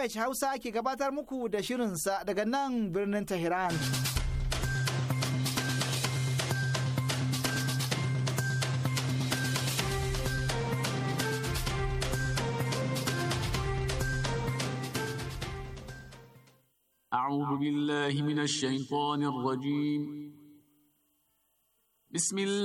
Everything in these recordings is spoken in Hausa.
sumesh hausa ake gabatar muku da shirinsa daga nan birnin tehran a cawabi biyar la rajim bisimil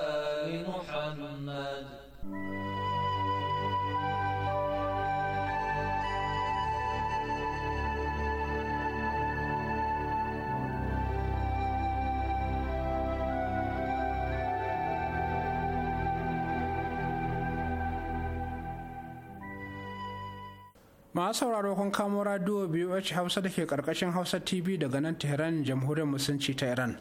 masu sauraro kun kamo radio wacce Hausa da ke karkashin Hausa TV daga nan Tehran jamhuriyar musulunci ta Iran.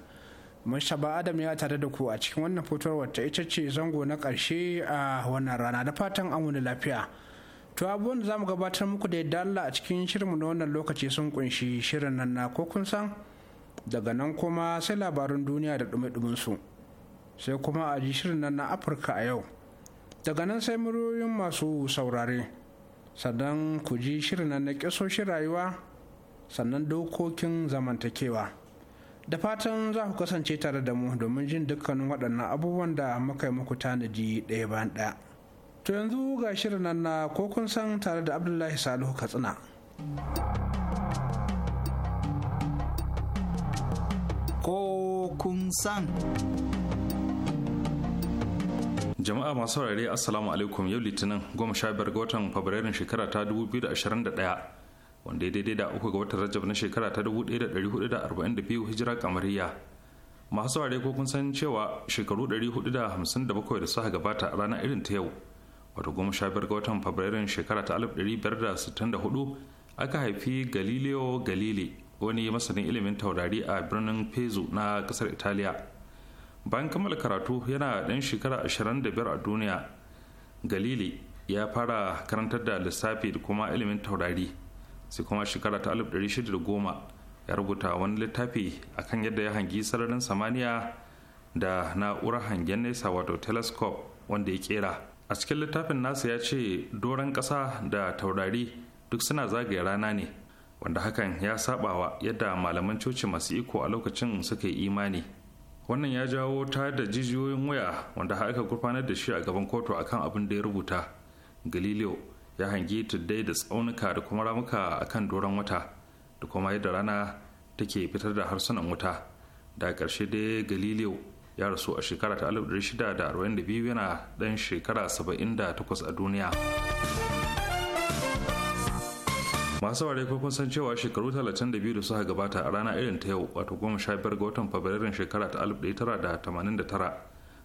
Mustapha Adam ya tare da ku a cikin wannan fitowar wata ita ce zango na karshe a wannan rana da fatan an wani lafiya. To abubuwan da zamu gabatar muku da yadda Allah a cikin shirinmu na wannan lokaci sun kunshi shirin nan na ko kun san daga nan kuma sai labarun duniya da dumi su sai kuma a ji shirin nan na Afirka a yau. Daga nan sai muryoyin masu saurare. sannan ku ji shirin na ƙisoshin rayuwa sannan dokokin zamantakewa da fatan za ku kasance tare da mu domin jin dukkanin waɗannan abubuwan da muka yi muku tanadi ɗaya bayan ɗaya to yanzu ga shirin nan na ko kun san tare da abdullahi salihu katsina ko kun san jama'a masu saurare assalamu alaikum yau litinin goma sha biyar ga watan fabrairun shekara ta 2021 wanda ya daidai da uku ga watan rajab na shekara ta 1442 hijira kamariya masu saurare ko kun san cewa shekaru 457 da suka gabata a ranar irin ta yau wato goma sha biyar ga watan fabrairun shekara ta 1564 aka haifi galileo galilei wani masanin ilimin taurari a birnin pezo na kasar italiya bayan kammala karatu yana ɗan shekara 25 a duniya galili ya fara karantar da lissafi da kuma ilimin taurari sai kuma shekara ta 1610 ya rubuta wani littafi akan yadda ya hangi sararin samaniya da na'urar hangen nesa wato telescope wanda ya kera a cikin littafin nasa ya ce doron ƙasa da taurari duk suna zagaya rana ne wanda hakan ya sabawa yadda malaman coci masu iko a lokacin suka yi imani wannan ya jawo ta da jijiyoyin waya wanda har aka gurfanar da shi a gaban kotu akan abin da ya rubuta galileo ya hangi tuddai da tsaunuka da kuma ramuka akan doron wata da kuma yadda rana take fitar da harsunan wuta da karshe da galileo ya rasu a shekara ta 1642 yana ɗan shekara 78 a duniya. masu ware ko kun san cewa shekaru 32 da suka gabata a rana irin ta yau wato 15 ga watan fabrairun shekara ta 1989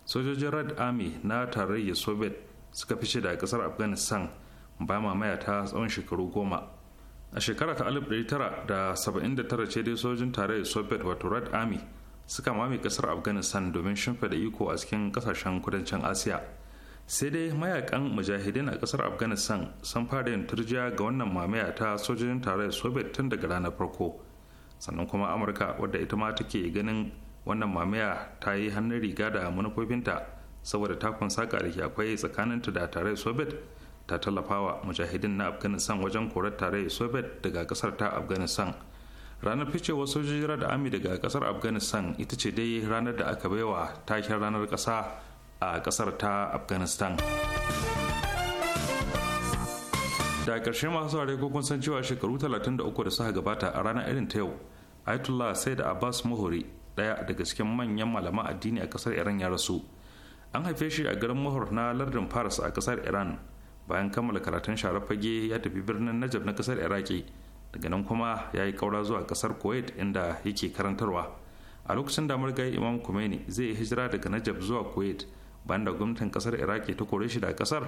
sojojin red army na tarayyar soviet suka fice daga kasar afghanistan ba mamaya ta tsawon shekaru goma a shekara ta 1979 ce dai sojin tarayyar soviet wato red army suka mame kasar afghanistan domin shimfida iko a cikin kasashen kudancin asiya sai dai mayakan mujahidin a kasar afghanistan sun fara yin turjiya ga wannan mamaya ta sojojin tarayyar soviet tun daga ranar farko sannan kuma amurka wadda ita ma take ganin wannan mamaya ta yi hannun riga da manufofinta saboda takun saka da ke akwai tsakaninta da tarayyar soviet ta tallafawa mujahidin na afghanistan wajen korar tarayyar soviet daga kasar ta afghanistan ranar ficewar sojojin da ami daga kasar afghanistan ita ce dai ranar da aka baiwa taken ranar kasa a kasar ta afghanistan da ƙarshe masu saurari ko kun san cewa shekaru 33 da suka gabata a ranar irin ta yau ayatollah sai da abbas muhuri ɗaya daga cikin manyan malaman addini a kasar iran ya rasu an haife shi a garin muhur na lardin faras a kasar iran bayan kammala karatun sharafage fage ya tafi birnin najab na kasar iraki daga nan kuma ya yi kaura zuwa kasar kuwait inda yake karantarwa a lokacin damar gai imam kumeni zai hijira daga najab zuwa kuwait bayan da gwamnatin kasar iraki ta kore shi da kasar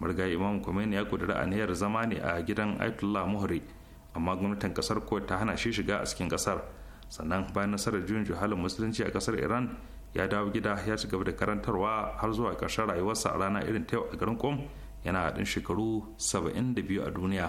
marga imam khomeini ya kudura aniyar zama ne a gidan aitullah muhri amma gwamnatin kasar ko ta hana shi shiga a cikin kasar sannan bayan nasarar juyin juhalin musulunci a kasar iran ya dawo gida ya ci gaba da karantarwa har zuwa karshen rayuwarsa a rana irin ta yau a garin kom yana haɗin shekaru 72 a duniya.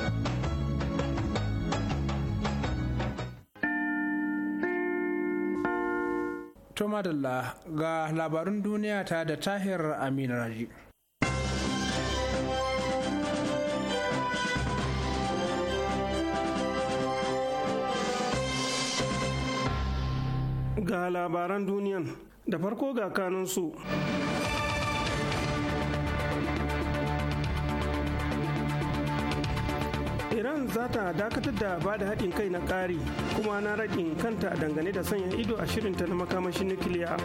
To madalla ga labarun duniya ta da Tahir Amin Raji. Ga labaran duniyan da farko ga kanunsu. su. za ta dakatar da ba da haɗin kai na ƙari kuma na raɗin kanta dangane da sanya ido a shirinta na makamashin nukiliya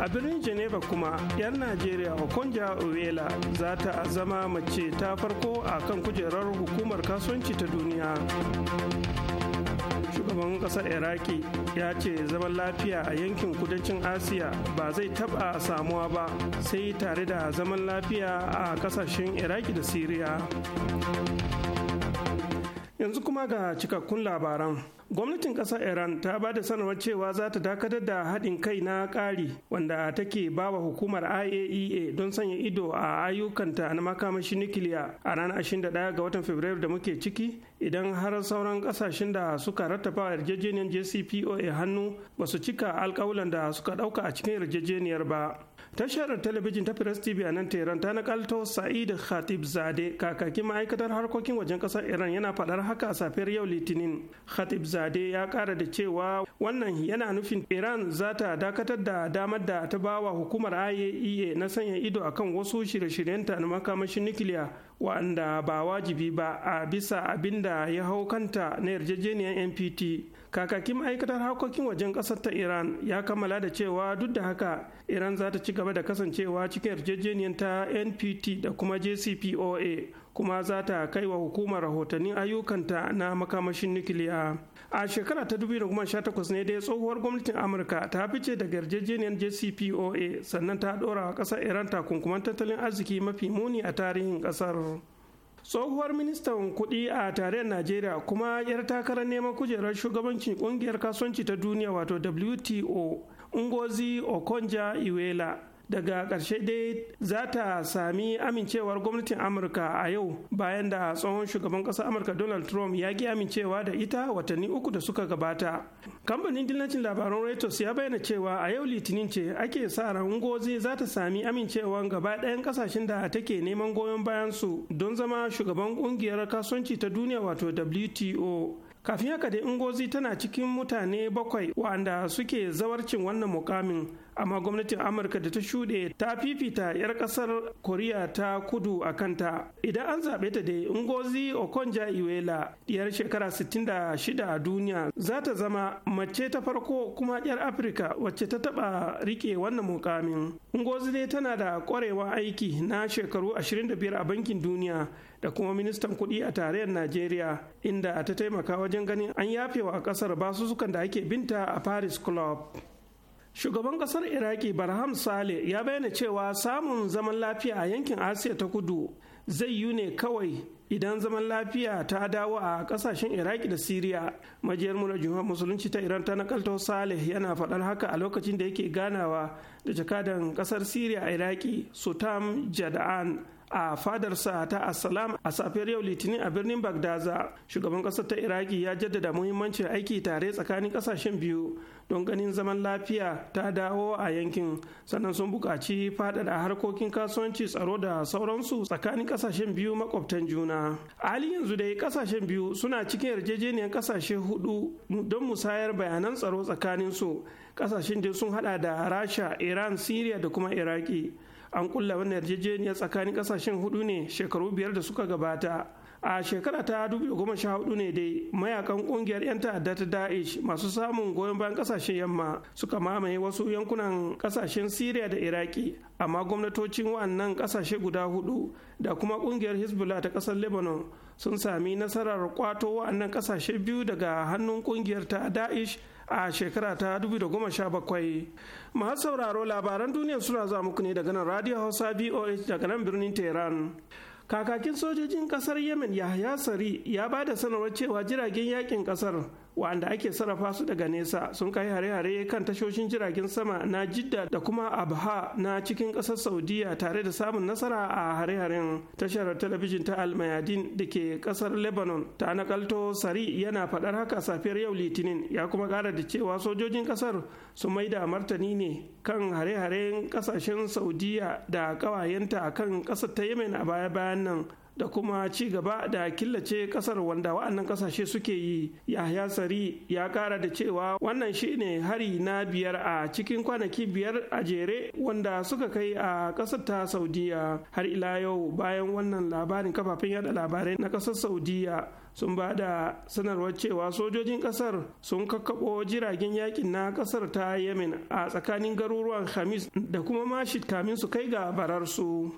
a birnin geneva kuma 'yan najeriya okonja uwela za ta zama mace ta farko a kan kujerar hukumar kasuwanci ta duniya shugaban kasar iraki ya ce zaman lafiya a yankin kudancin asiya ba zai taba samuwa ba sai tare da zaman lafiya a kasashen iraki da siriya yanzu kuma ga cikakkun labaran gwamnatin ƙasar iran ta ba da sanarwar cewa za ta dakatar da haɗin kai na ƙari wanda take ba wa hukumar iaea e don sanya ido a ayyukanta na makamashi nukiliya a ranar 21 ga watan fabrairu da muke ciki idan har sauran ƙasashen da suka a yarjejeniyar jcpoa hannu ba su cika alƙawulan da suka ɗauka a cikin yarjejeniyar ba tashar talabijin ta press tv a nan tehran ta nakalto sa'id khatib zade kakakin ma'aikatar harkokin wajen kasar iran yana faɗar haka a safiyar yau litinin khatib zade ya kara da cewa wannan yana nufin iran za ta dakatar da damar da ta bawa hukumar iaea e na sanya ido akan wasu shirye-shiryenta na makamashin nukiliya wa'anda ba wajibi ba a bisa abin da ya hau kanta na yarjejeniyar npt kakakin ma'aikatar harkokin wajen ƙasar ta iran ya kammala da cewa duk da haka iran za ta ci gaba da kasancewa cikin yarjejeniyar ta npt da kuma jcpoa kuma za ta kai wa hukumar rahotannin ayyukanta na makamashin nukiliya a shekara ta 2018 ne dai tsohuwar gwamnatin amurka ta fice daga yarjejeniyar jcpoa sannan ta ɗora wa ƙasar iran takunkuman tattalin arziki mafi muni a tarihin ƙasar tsohuwar ministan kuɗi a tarayyar najeriya kuma yar takarar neman kujerar shugabancin ƙungiyar kasuwanci ta duniya wato wto ngozi okonja iwela daga ƙarshe dai za ta sami amincewar gwamnatin amurka a yau bayan da tsohon shugaban ƙasar amurka donald trump ya ki amincewa da ita watanni uku da suka gabata kamfanin dillacin labaran reuters ya bayyana cewa a yau litinin ce ake sa ran gozi za ta sami amincewa gaba ɗayan ƙasashen da take neman goyon bayan su don zama shugaban ƙungiyar kasuwanci ta duniya wato wto kafin haka dai ungozi tana cikin mutane bakwai wanda suke zawarcin wannan mukamin amma gwamnatin amurka da ta shuɗe ta fifita 'yar ƙasar koriya ta kudu a kanta idan an zaɓe ta dai ungozi okonja iwela ɗiyar shekara 66 a duniya za ta zama mace ta farko kuma 'yar afirka wacce ta taɓa riƙe wannan mukamin ungozi dai tana da ƙwarewa aiki na shekaru 25 a bankin duniya da kuma ministan kuɗi a tarayyar Najeriya inda a ta taimaka wajen ganin an yafe yafewa ƙasar basussukan da ake binta a Paris Club. Shugaban ƙasar Iraki Barham Saleh ya bayyana cewa samun zaman lafiya a yankin Asiya ta kudu zai yi ne kawai idan zaman lafiya ta dawo a kasashen iraki da siriya majiyar mura jumhuriyar musulunci ta iran ta nakalto saleh yana faɗar haka a lokacin da yake ganawa da jakadan kasar siriya a iraki sutam jada'an a fadarsa ta assalam a safiyar yau litinin a birnin bagdaza shugaban kasar ta iraki ya jaddada muhimmancin aiki tare tsakanin kasashen biyu don ganin zaman lafiya ta dawo a yankin sannan sun buƙaci faɗaɗa harkokin kasuwanci tsaro da sauransu tsakanin kasashen biyu makwabtan juna hali yanzu dai kasashen biyu suna cikin yarjejeniyar kasashe hudu don musayar bayanan tsaro tsakanin su kasashen dai sun hada da rasha iran syria da kuma iraki an kulla wannan yarjejeniya tsakanin kasashen hudu ne shekaru biyar da suka gabata a shekara ta 2014 ne dai mayakan kungiyar 'yan ta'adda ta da'ish masu samun goyon bayan kasashen yamma suka mamaye wasu yankunan kasashen syria da iraki amma gwamnatocin wannan kasashe guda hudu da kuma kungiyar hezbollah ta kasar lebanon sun sami nasarar kwato wa'annan kasashe biyu daga hannun kungiyar ta daesh a shekara ta 2017 masu sauraro labaran duniya suna za muku ne daga nan radio hausa voh daga nan birnin tehran kakakin sojojin kasar yemen yahya sari ya ba da sanarwar cewa jiragen yakin kasar wanda ake sarrafa su daga nesa sun kai hare-hare kan tashoshin jiragen sama na jidda da kuma abha na cikin ƙasar saudiya tare da samun nasara a hare-haren tashar talabijin ta almayadin da ke ƙasar lebanon ta nakalto sari yana faɗar haka safiyar yau litinin ya kuma ƙara da cewa sojojin ƙasar sun da martani ne kan hare-haren ƙasashen saudiya da ƙawayenta kan ƙasar ta yemen a baya-bayan nan da kuma ci gaba da killace kasar wanda wa'annan kasashe suke yi Yahaya sari ya kara da cewa wannan shine hari na biyar a cikin kwanaki biyar a jere wanda suka kai a kasar ta saudiya har ila yau bayan wannan labarin kafafen yada labarai na ƙasar saudiya sun ba da sanarwar cewa sojojin kasar sun kakkaɓo jiragen yakin na kasar ta yemen a tsakanin garuruwan hamis da kuma mashi kamin su kai ga bararsu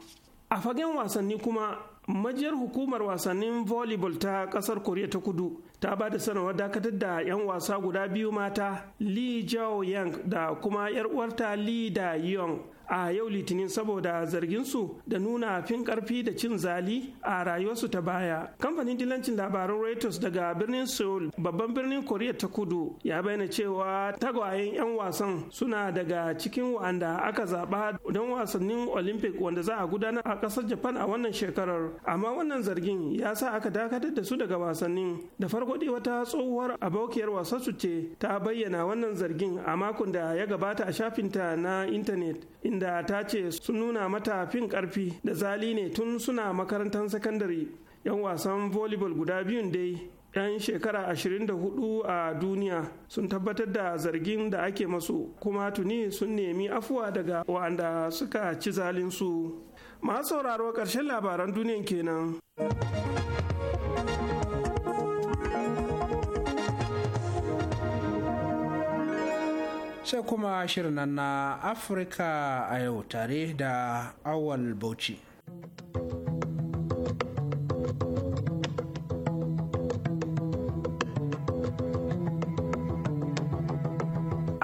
a fagen wasanni kuma majiyar hukumar wasannin volleyball ta kasar koriya ta kudu ta ba da sanarwar dakatar da 'yan wasa guda biyu mata lee jao yang da kuma 'yar uwarta lee da yong a yau litinin saboda zarginsu da nuna fin karfi da cin zali a rayuwarsu ta baya kamfanin dilancin labaran reuters daga birnin seoul babban birnin korea ta kudu ya bayyana cewa tagwayen 'yan wasan suna daga cikin wa'anda aka zaba don wasannin olympic wanda za a gudanar a kasar japan a wannan shekarar amma wannan zargin ya sa aka dakatar da su daga wasannin da farko dai wata tsohuwar abokiyar wasansu ce ta bayyana wannan zargin a makon da ya gabata a shafinta na intanet inda ta ce sun nuna mata fin karfi da zali ne tun suna makarantar sakandare yan wasan volleyball guda biyun dai yan shekara 24 a duniya sun tabbatar da zargin da ake masu kuma tuni sun nemi afuwa daga waɗanda suka ci zalinsu masu sauraro ƙarshen labaran duniyan kenan. sai kuma shirin na afirka a yau tare da awal bauchi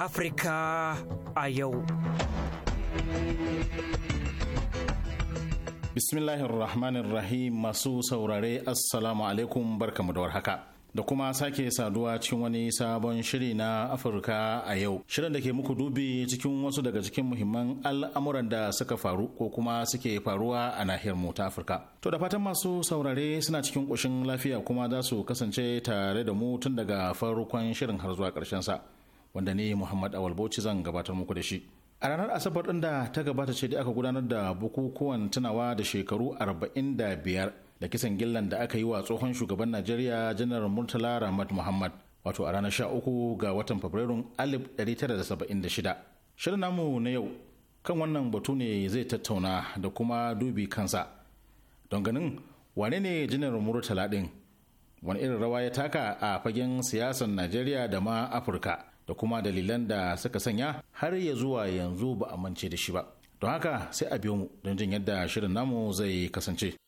afirka a yau bismillahirrahmanirrahim masu saurare assalamu alaikum barkamu da warhaka da kuma sake saduwa cikin wani sabon shiri na Afirka a yau. Shirin da ke muku dubi cikin wasu daga cikin muhimman al'amuran da suka faru ko kuma suke faruwa a nahiyar mu ta Afirka. To da fatan masu saurare suna cikin ƙoshin lafiya kuma za su kasance tare da mu tun daga farkon shirin har zuwa ƙarshen sa. Wanda ne Muhammad Awal Bauchi zan gabatar muku da shi. A ranar Asabar ɗin da ta gabata ce da aka gudanar da bukukuwan tunawa da shekaru arba'in da biyar. da kisan gillan da aka yi wa tsohon shugaban najeriya janar murtala rahmat muhammad wato a ranar 13 ga watan fabrairun 1976 shirin namu na yau kan wannan batu ne zai tattauna da kuma dubi kansa don ganin wane ne janar murtala ɗin? wani irin rawa ya taka a fagen siyasar najeriya da ma afirka da kuma dalilan da suka sanya har ya zuwa yanzu ba a mance da shi ba don haka sai a biyo mu don jin yadda shirin namu zai kasance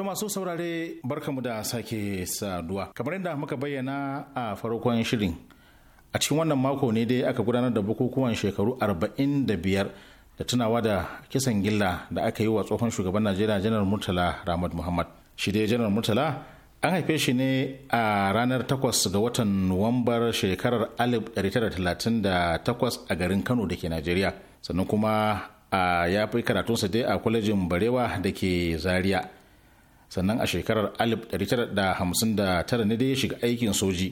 To masu saurare barkamu da sake saduwa. Kamar yadda muka bayyana a farkon shirin. A cikin wannan mako ne dai aka gudanar da bukukuwan shekaru arba'in da biyar da tunawa da kisan gilla da aka yi wa tsohon shugaban Najeriya Janar Murtala Ramad Muhammad. Shi dai Janar Murtala an haife shi ne a ranar 8 ga watan Nuwambar shekarar 1938 a garin Kano da ke Najeriya. Sannan kuma ya fi karatunsa dai a kwalejin Barewa da ke Zaria. sannan a shekarar 1959 ne dai ya shiga aikin soji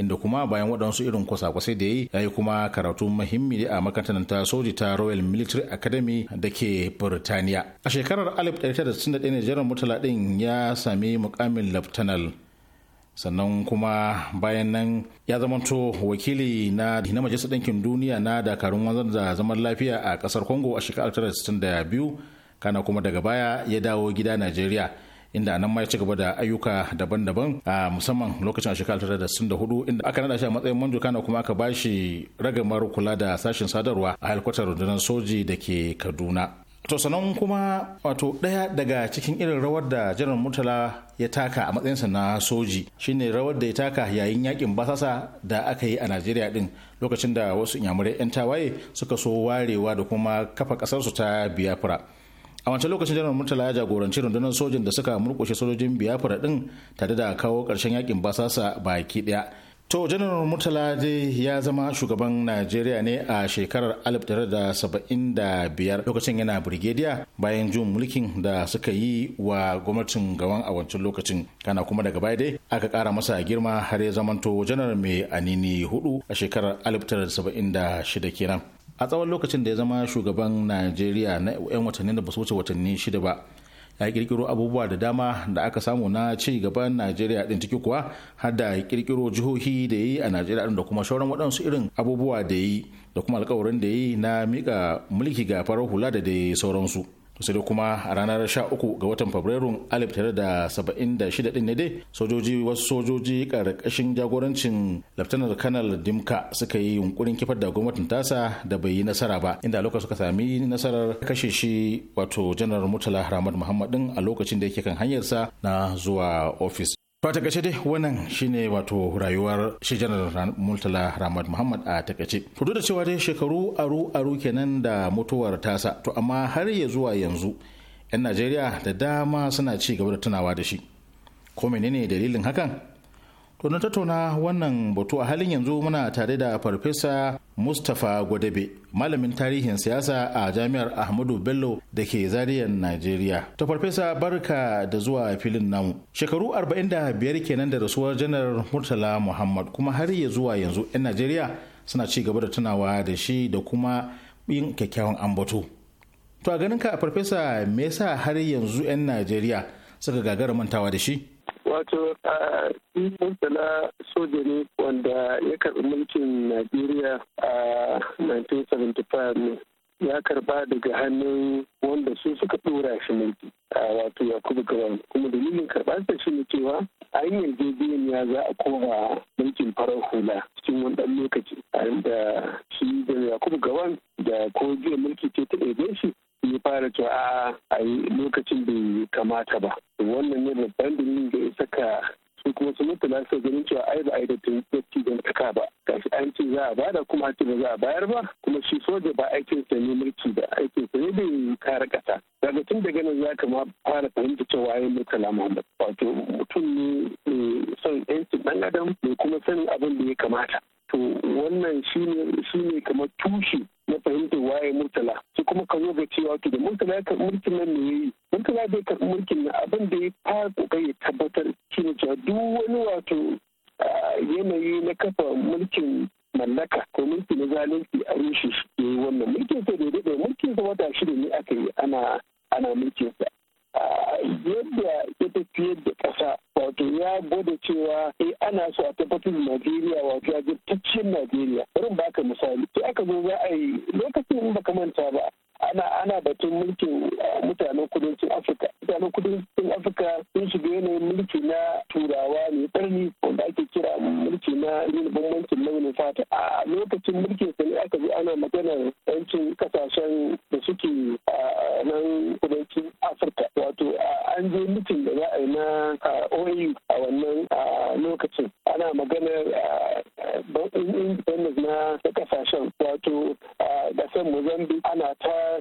inda kuma bayan waɗansu irin kwasa-kwasai da ya yi ya yi kuma karatu muhimmi a makarantar ta soji ta royal military academy da ke burtaniya a shekarar 1961 ne jiran mutala ɗin ya sami mukamin laftanal sannan kuma bayan nan ya zamanto wakili na na majalisar ɗinkin duniya na dakarun wanzar da zaman lafiya a ƙasar congo a shekarar 1962 kana kuma daga baya ya dawo gida najeriya inda nan ma ya ci gaba da ayyuka daban-daban a musamman lokacin a shekarar da sun da hudu inda aka nada shi a matsayin manjo kana kuma aka ba shi ragamar kula da sashen sadarwa a halkwatar rundunar soji da ke kaduna to sanan kuma wato ɗaya daga cikin irin rawar da janar murtala ya taka a matsayinsa na soji shine rawar da ya taka yayin yakin basasa da aka yi a najeriya din lokacin da wasu inyamurai 'yan tawaye suka so warewa da kuma kafa kasarsu ta biafra a wancan lokacin janar murtala ya jagoranci rundunar sojin da suka murkushe sojojin biafra din tare da kawo karshen yakin basasa baki daya to janar murtala dai ya zama shugaban najeriya ne a shekarar 1975 lokacin yana birgediya bayan jin mulkin da suka yi wa gwamnatin gawan a wancan lokacin kana kuma daga baya dai aka kara masa girma har ya zamanto janar mai anini hudu a shekarar 1976 kenan a tsawon lokacin da ya zama shugaban najeriya na 'yan watanni da ba su wuce watanni shida ba ya kirkiro abubuwa da dama da aka samu na ci gaban najeriya din ciki kuwa har da kirkiro jihohi da yi a najeriya din da kuma shauran waɗansu irin abubuwa da yi da kuma alkawarin da yi na mika mulki ga farar hula da dai sauransu sai kuma a ranar 13 ga watan fabrairun 1976 din ne dai sojoji wasu sojoji karkashin jagorancin laftanar kanal dimka suka yi yunkurin kifar da gwamnatin tasa da bai yi nasara ba inda lokacin suka sami nasarar kashe shi wato janar murtala ramad muhammadin a lokacin da yake kan hanyarsa na zuwa ofis To a takaice dai wannan shine wato rayuwar shi janar Murtala Ramad Muhammad a takaice. Fito da cewa dai shekaru aru aru kenan da mutuwar tasa to amma har ya zuwa yanzu 'yan Najeriya da dama suna ci gaba da tunawa da shi. Ko menene dalilin hakan? To na tattauna wannan batu a halin yanzu muna tare da Farfesa Mustapha Gwadabe, malamin tarihin siyasa a Jami'ar Ahmadu Bello da ke Zariyar Najeriya. To Farfesa barka da zuwa filin namu. Shekaru 45 kenan da rasuwar Janar Murtala Muhammad kuma har ya zuwa yanzu 'yan Najeriya suna ci gaba da tunawa da shi da kuma yin kyakkyawan ambato. To a ganinka Farfesa me yasa har yanzu 'yan Najeriya suka gagara mantawa da shi? wato a murtala soja ne wanda ya karbi mulkin najeriya a 1975 ne ya karba daga hannun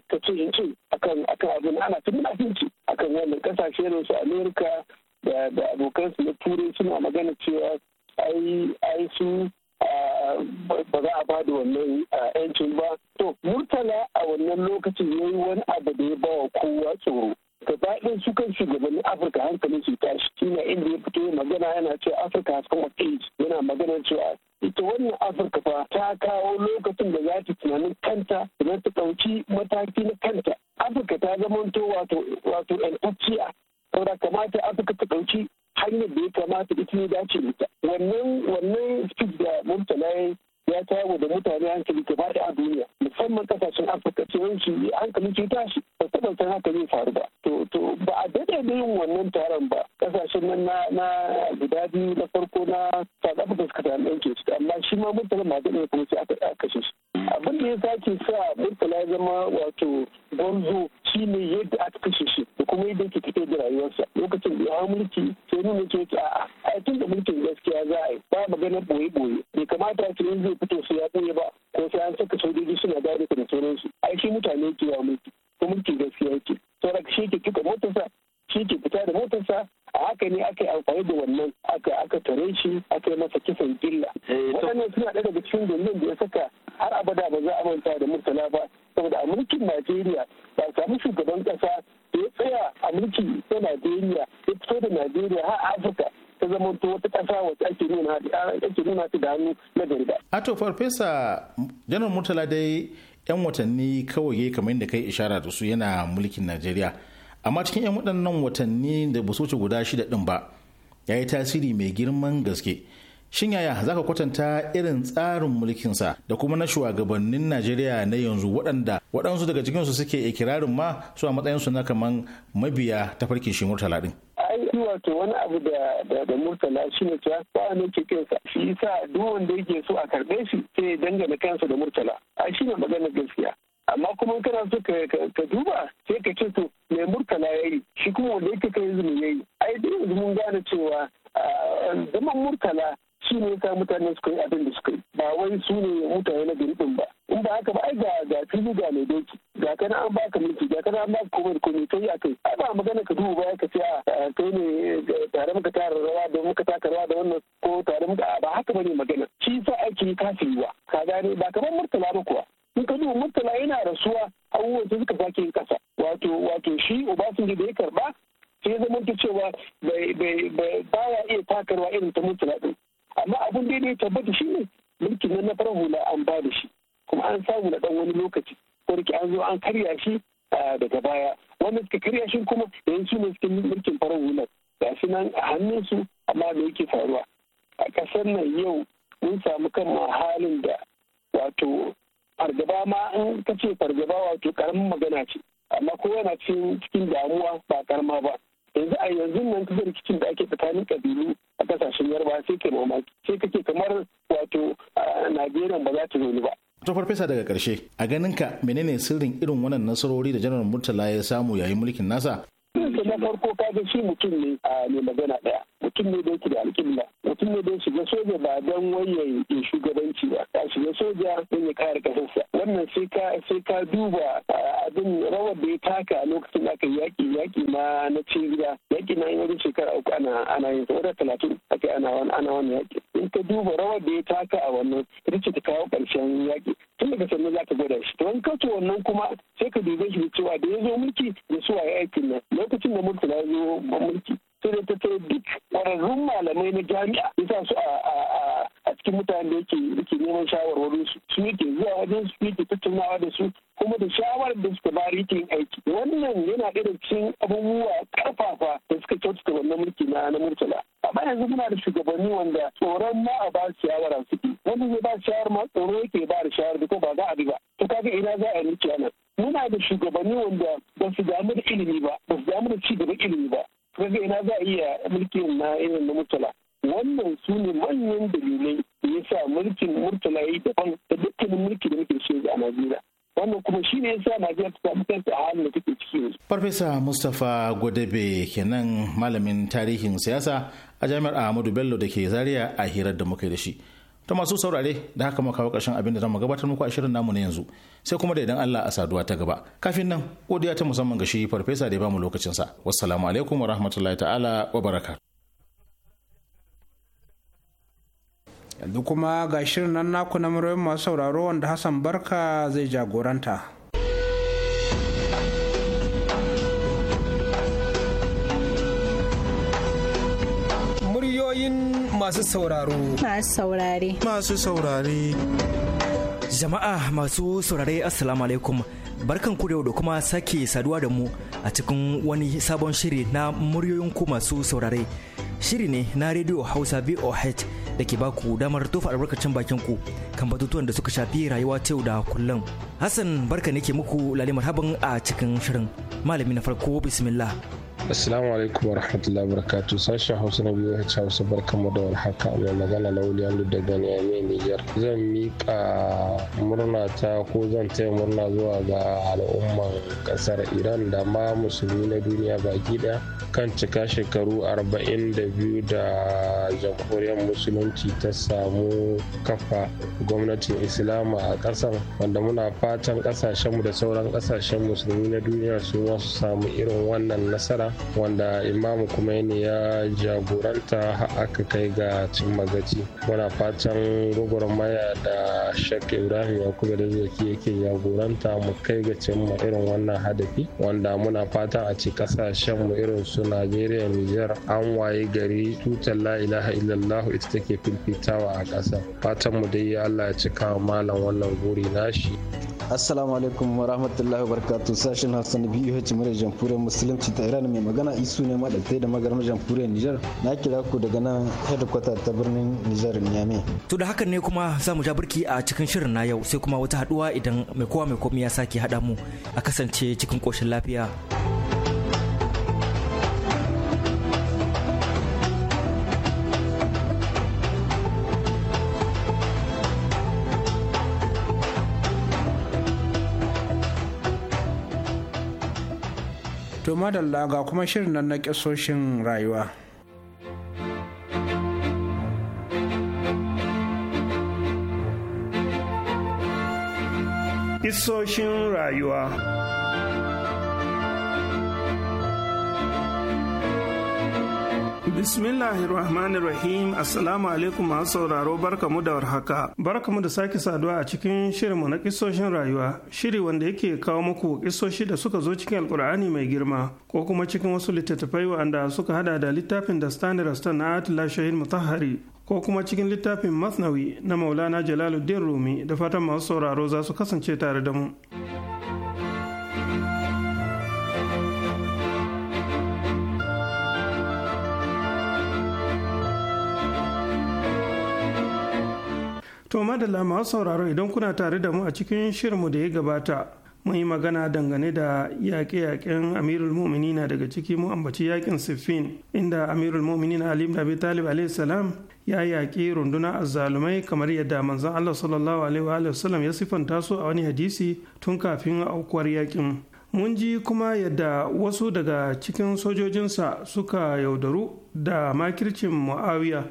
ta ta su akan akan abin ana ta munafinci akan wannan kasashe da su Amerika da abokansu na turai suna magana cewa ai ai to farfesa janar murtala dai yan watanni kawai ya kamar yadda kai ishara da su yana mulkin najeriya amma cikin yan waɗannan watanni da ba su guda shida ɗin ba ya yi tasiri mai girman gaske shin yaya za ka kwatanta irin tsarin mulkinsa da kuma na shugabannin najeriya na yanzu waɗanda waɗansu daga cikinsu suke ikirarin ma su a matsayinsu na kamar mabiya ta farke shi murtala ɗin wato wani abu da murtala shi ne cewa ba ne ke kansa shi yasa duk wanda yake so a karbe shi sai ya dangana kansa da murtala a shi ne magana gaskiya amma kuma kana so ka duba sai ka ce to mai murtala yi shi kuma wanda yake kai ya yi ai duk mun gane cewa zaman murtala shi ne yasa mutane suka yi abin da suka yi ba wai su ne mutane na gari ba in ba haka ba ai ga ga fili ga mai doki ga kana an baka mulki ga kana an baka komai komai kai a kai ai ba magana ka duba ba ka ce a ah, ah, kai ne tare muka tara rawa da muka taka rawa da wannan ko tare muka ba haka bane magana shi sa ake yi kafiriwa ka gane ba kamar murtala ba kuwa in ka duba murtala yana rasuwa abubuwan su suka sake yin kasa wato wato shi obasanjo da ya karba sai zama ta cewa bai ba ya iya takarwa irin ta murtala din amma abin da ya tabbata shi ne mulkin nan na farko hula an ba da shi kuma an samu na dan wani lokaci ko da an zo an karya shi daga baya wanda suka karya shi kuma yanzu ne suke mulkin farar hula ga su nan a hannun su amma da yake faruwa a kasar nan yau mun samu kan halin da wato fargaba ma an ka ce fargaba wato karamin magana ce amma kowa yana cikin damuwa ba karama ba yanzu a yanzu nan ta rikicin da ake tsakanin kabilu a kasashen yarba sai ke mamaki sai kake kamar wato najeriya ba za ta zo ba ta farfesa daga ƙarshe a ganin ganinka menene sirrin irin wannan nasarori da janar murtala ya samu yayin mulkin nasa Ita na farko ga shi mutum ne a ne magana ɗaya. Mutum ne da yake da alƙimla. Mutum ne da shiga soja ba don waye ya shugabanci ba. Ka shiga soja don ya kare kasarsa. Wannan sai ka sai ka duba abin rawar da ya taka a lokacin aka yi yaƙi yaƙi ma na cikin gida. Yaƙi na yin shekara uku ana ana yin tsawon talatin ake ana wani ana wani yaƙi. In ka duba rawar da ya taka a wannan rikici ta kawo ƙarshen yaƙi. tun daga sannan za ka gwada shi to in ka wannan kuma sai ka dube shi cewa da ya zo mulki da suwa ya aikin nan lokacin da murtala ya zo mulki sai da ta kai duk ƙwararrun malamai na jami'a ya sa su a cikin mutane da yake yake neman shawarwarin su su yake zuwa wajen su yake tattaunawa da su kuma da shawarar da suka bari yake yin aiki wannan yana ɗaya daga cikin abubuwa ƙarfafa da suka kyautata wannan mulki na na murtala a amma yanzu muna da shugabanni wanda tsoron ma a ba su shawara suke wanda zai ba su shawar ma tsoro yake ba da shawar da ko ba za a bi ba to kaga ina za a yi miki anan muna da shugabanni wanda ba su damu da ilimi ba ba su damu da ci gaban ilimi ba kaga ina za a iya mulkin na irin na murtala wannan su ne manyan dalilai da ya sa mulkin murtala ya yi daban da dukkanin mulki da muke so a najeriya wannan kuma shi ne ya sa najeriya ta samu kanta a halin da take ciki farfesa mustapha gwadabe kenan malamin tarihin siyasa a jami'ar ahmadu bello da ke zaria a hirar da muka yi da shi. ta masu saurare da haka muka kawo ƙarshen abin da zamu gabatar muku a shirin namu na yanzu sai kuma da idan Allah a saduwa ta gaba kafin nan godiya ta musamman ga shi farfesa da ya bamu lokacin sa wassalamu alaikum wa rahmatullahi ta'ala wa baraka yanzu kuma ga shirin nan naku na murayen masu sauraro wanda Hassan Barka zai jagoranta masu sauraro. Masu saurare. Masu saurare. Jama'a masu saurare Assalamu alaikum. Barkan ku da kuma sake saduwa da mu a cikin wani sabon shiri na muryoyin ku masu saurare. Shiri ne na Radio Hausa VOH da ke baku damar tofa albarkacin bakin ku kan batutuwan da suka shafi rayuwa ta da kullum. Hassan barka nake muku lalimar haban a cikin shirin. Malami na farko bismillah. Assalamu alaikum wa rahmatullahi barakatu sashen Hausa na biyu ya Hausa barkamu da warhaka mai magana Lauli Alu daga Niamey Niger. Zan miƙa murna ta ko zan taya murna zuwa ga al'umman ƙasar Iran da ma musulmi na duniya baki daya kan cika shekaru arba'in da biyu da jamhuriyar musulunci ta samu kafa gwamnatin Islama a ƙasar. wanda muna fatan ƙasashenmu da sauran ƙasashen musulmi na duniya su ma su samu irin wannan nasara wanda imamu kuma ne ya jagoranta aka kai ga cin magaci muna fatan maya da shak ibrahim yakubu da zaki yake jagoranta mu kai ga cin irin wannan hadafi wanda muna fatan a ci kasashen mu irin su najeriya nijar an waye gari tutar la ilaha illallah ita take fifitawa a ƙasa fatan mu dai ya allah ya cika malam wannan guri nashi assalamu alaikum wa rahmatullahi wa barakatuh sashen hassan biyu hajji mura furen musulunci ta iran mai magana isu ne madatai da magaram jamhuriyar Nijar na kira ku daga nan headquarter ta birnin Nijar Niamey. To da hakan ne kuma za mu ja birki a cikin shirin na yau sai kuma wata haduwa idan mai kowa mai komai ya sake hada mu a kasance cikin koshin lafiya. To madalla ga kuma shirin nan na kisoshin rayuwa. Kisoshin rayuwa. Bismillahirrahmanirrahim Assalamu alaikum masu sauraro barkamu da warhaka. Barkamu da sake saduwa a cikin shirinmu na kisoshin rayuwa, shiri wanda yake kawo muku kisoshi da suka zo cikin Alkur'ani mai girma ko kuma cikin wasu littattafai wanda suka hada da littafin da Stanley Rastan na Atila Shahid Mutahari ko kuma cikin littafin Masnawi na Maulana Jalaluddin Rumi da fatan masu sauraro za su kasance tare da mu. To madalla masu sauraro idan kuna tare da mu a cikin shirinmu da ya gabata mun yi magana dangane da yaƙe-yaƙen amirul mu'minina daga ciki mu ambaci yaƙin siffin inda amirul mu'minina ali ibn abi talib alayhi salam ya yaƙi runduna azzalumai kamar yadda manzon Allah sallallahu alaihi wa sallam ya sifanta su a wani hadisi tun kafin aukuwar yaƙin mun ji kuma yadda wasu daga cikin sojojinsa suka yaudaru da makircin muawiya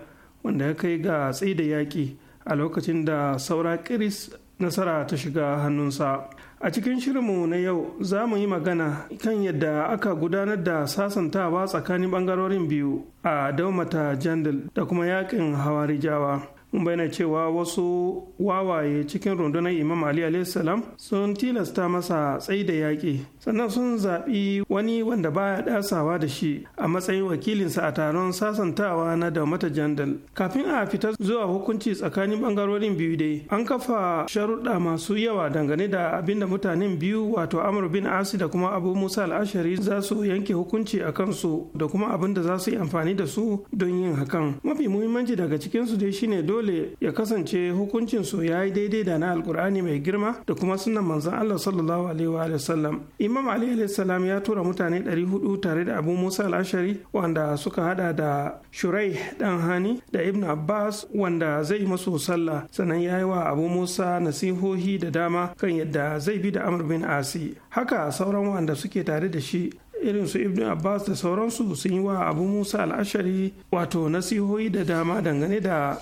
wanda ya kai ga tsaida yaƙi a lokacin da saura kiris nasara ta shiga hannunsa a cikin shirinmu na yau za mu yi magana kan yadda aka gudanar da sasantawa tsakanin bangarorin biyu a daumata jandal da kuma yakin hawarijawa mun bayyana cewa wasu wawaye cikin rundunar imam ali salam sun tilasta masa tsaida yaƙi sannan sun zaɓi wani wanda baya ɗasawa da shi a matsayin wakilinsa a taron sasantawa na da mata jandal kafin a fita zuwa hukunci tsakanin bangarorin biyu dai an kafa sharuɗa masu yawa dangane da abin da mutanen biyu wato amr bin asi da kuma abu musa al'ashari za su yanke hukunci a kansu da kuma abin da za su yi amfani da su don yin hakan mafi muhimmanci daga cikin su dai shine dole ya kasance hukuncin ya yi daidai da na alkur'ani mai girma da kuma sunan manzon allah sallallahu alaihi wa sallam imam ali salam ya tura mutane 400 tare da abu musa al'ashari wanda suka hada da shurai dan hani da ibn abbas wanda zai masu sallah sannan ya yi wa abu musa nasihohi da dama kan yadda zai bi da amr bin asi haka sauran wanda suke tare da shi irin su ibn abbas da sauransu sun yi wa abu musa al'ashari wato nasihohi da dama dangane da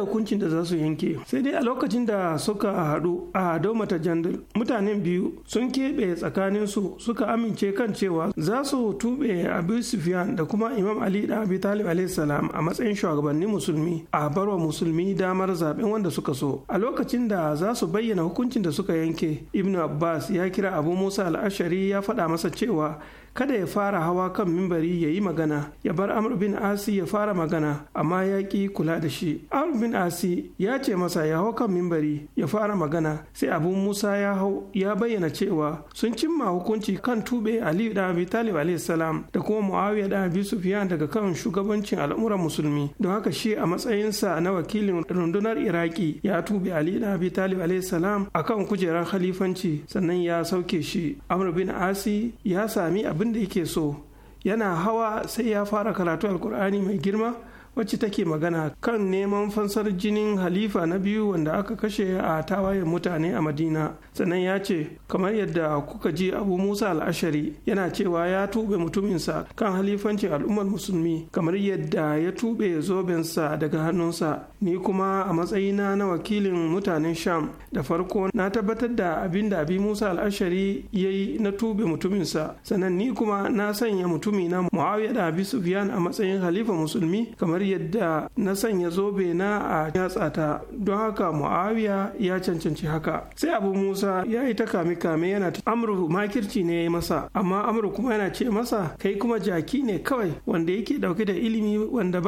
hukuncin da za su yanke sai dai a lokacin da suka haɗu a domata jandal mutanen biyu sun keɓe su suka amince kan cewa za su tuɓe abu sufyan da kuma imam ali da abi talib a matsayin shugabannin musulmi a barwa musulmi damar zaben wanda suka so a lokacin da za su bayyana hukuncin da suka yanke ibn abbas ya kira abu musa al'ashari ya faɗa masa cewa kada ya fara hawa kan mimbari ya yi magana ya bar amr bin asi ya fara magana amma ya ki kula da shi amr bin asi ya ce masa ya hau kan mimbari ya fara magana sai abu musa ya hau ya bayyana cewa sun cimma hukunci kan tube aliyu da abi talib alaihissalam da kuma muawiya da abi sufiyan daga kan shugabancin al'ummar musulmi don haka shi a matsayinsa na wakilin rundunar iraki ya tube ali da abi talib alaihissalam akan kujerar khalifanci sannan ya sauke shi amr bin asi ya sami abin abin da yake so yana hawa sai ya fara karatu alkur'ani mai girma wacce take magana kan neman fansar jinin halifa na biyu wanda aka kashe a tawayen mutane a madina sannan ya ce kamar yadda kuka ji abu musa al'ashari yana cewa ya tube mutuminsa kan halifancin al'ummar musulmi kamar yadda ya tube zobensa daga hannunsa ni kuma a matsayina na wakilin mutanen sham da farko na tabbatar da abin da abi musa al'ashari ya yi na tube mutuminsa sannan ni kuma na sanya mutumi na muawiya da abi sufyan a matsayin halifa musulmi kamar yadda na sanya zobe na a yatsata don haka muawiya ya cancanci haka sai abu musa ya yi ta kame kame yana ta amru makirci ne ya yi masa amma amru kuma yana ce masa kai kuma jaki ne kawai wanda yake dauke da ilimi wanda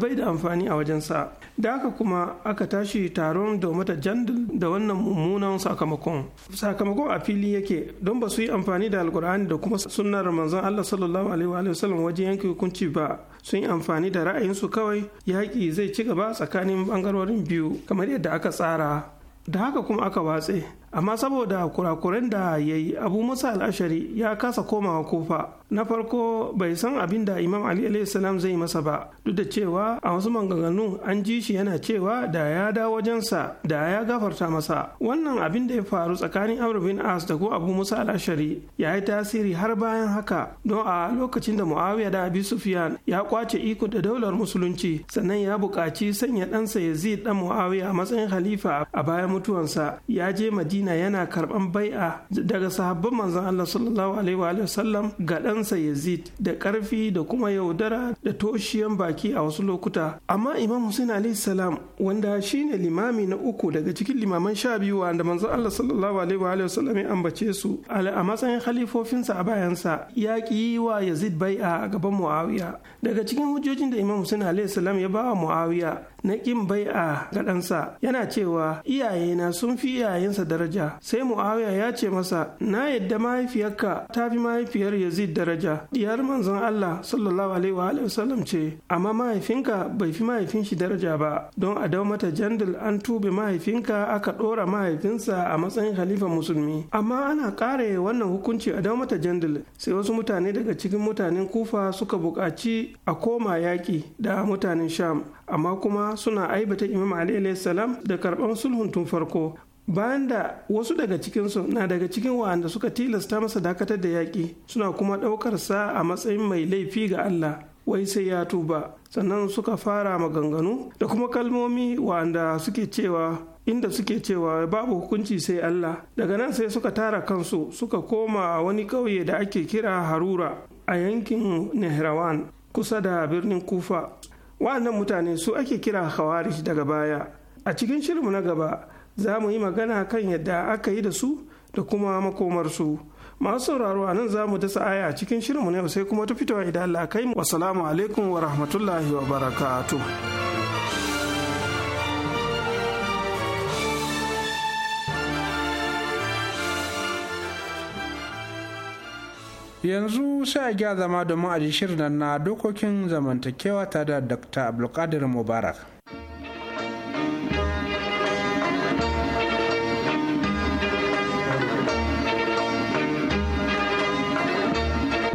bai da amfani a wajensa da haka kuma aka tashi taron da mata jandal da wannan mummunan sakamakon sakamakon a fili yake don ba su yi amfani da alkur'ani da kuma sunnar manzon Allah sallallahu alaihi wa wajen yanke hukunci ba sun yi amfani da ra'ayinsu kawai yaƙi zai ci gaba tsakanin bangarorin biyu kamar yadda aka tsara da haka kuma aka watse amma saboda kurakuren da ya yi abu musa al'ashari ya kasa komawa kofa na farko bai san abin da imam ali salam zai masa ba duk da cewa a wasu maganganun an ji shi yana cewa da ya da wajensa da ya gafarta masa wannan abin da ya faru tsakanin amr bin as da ko abu musa al-ashari ya yi tasiri har bayan haka don a lokacin da muawiya da abi sufyan ya kwace iko da daular musulunci sannan ya buƙaci sanya ɗansa yazid dan muawiya a matsayin khalifa a bayan mutuwansa ya je madina yana karɓan bai'a daga sahabban manzon allah sallallahu alaihi wa sallam ga ɗan ɗansa yazid da ƙarfi da kuma yaudara da toshiyan baki a wasu lokuta amma imam hussein alaihi salam wanda shine limami na uku daga cikin limaman sha biyu wanda manzon allah sallallahu alaihi wa sallam ya ambace su a matsayin khalifofinsa a bayansa ya ki yi wa yazid bai a gaban muawiya daga cikin hujjojin da imam hussein alaihi salam ya bawa wa muawiya na ƙin bai'a ga ɗansa yana cewa iyayena sun fi iyayensa daraja sai muawiya ya ce masa na yadda mahaifiyarka ta fi mahaifiyar yazid daraja diyar manzon allah sallallahu alaihi wa sallam ce amma mahaifinka bai fi mahaifin shi daraja ba don a dau mata jandal an tube mahaifinka aka ɗora mahaifinsa a matsayin halifa musulmi amma ana ƙare wannan hukunci a dau mata jandal sai wasu mutane daga cikin mutanen kufa suka buƙaci a koma yaƙi da mutanen sham amma kuma suna aibata imam ali salam da karban sulhun tun farko bayan da wasu daga cikinsu na daga cikin wa'anda suka tilasta masa dakatar da yaƙi suna kuma ɗaukar sa a matsayin mai laifi ga allah wai sai ya tuba sannan suka fara maganganu da kuma kalmomi wa'anda suke cewa inda suke cewa babu hukunci sai Allah daga nan sai suka tara kansu suka koma a wani ƙauye da ake kira harura a yankin nehrawan kusa da birnin kufa waɗannan mutane su ake kira khawarij daga baya. A cikin shirinmu na gaba za mu yi magana kan yadda aka yi da su da kuma makomarsu. Masu sauraro a nan za mu dasa aya a cikin shirinmu na yau sai kuma ta fitowa idan Allah kai mu. wasalamu alaikum wa rahmatullahi wa barakatuh. yanzu sai a gya zama domin a ji shirin na dokokin zamantakewa ta da dr abdulkadir mubarak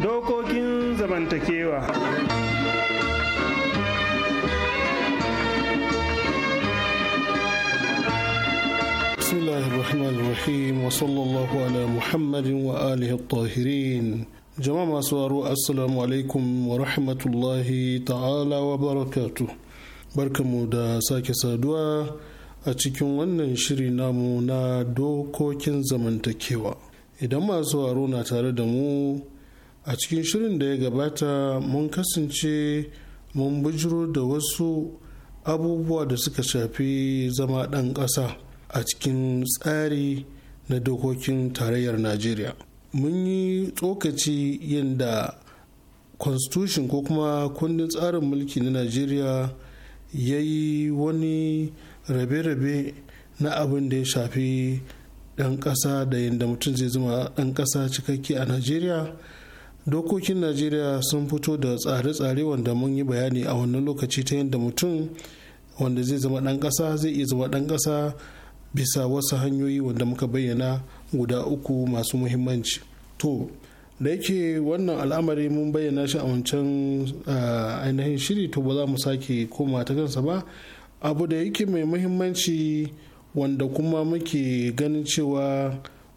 dokokin zamantakewa بسم الله الرحمن الرحيم وصلى الله على محمد وآله الطاهرين jama'a masu waro assalamu alaikum wa rahmatullahi ta'ala wa barakatu barkamu da sake saduwa a cikin wannan shiri namu na dokokin zamantakewa idan masu waro na tare da mu a cikin shirin da ya gabata mun kasance mun bujiro da wasu abubuwa da suka shafi zama ɗan ƙasa a cikin tsari na dokokin tarayyar najeriya mun yi tsokaci da constitution ko kuma kundin tsarin mulki na nigeria ya yi wani rabe-rabe na abin da ya shafi ɗan ƙasa da yadda mutum zai zama ɗan ƙasa cikakke a nigeria? dokokin nigeria sun fito da tsare-tsare wanda mun yi bayani a wannan lokaci ta yadda mutum wanda zai zama ɗan ƙasa zai iya zama ɗan ƙasa bisa wasu hanyoyi wanda muka bayyana guda uku masu muhimmanci to da yake wannan al'amari mun bayyana shi a wancan ainihin shiri to ba za mu sake koma ta kansa ba abu da yake mai muhimmanci wanda kuma muke ganin cewa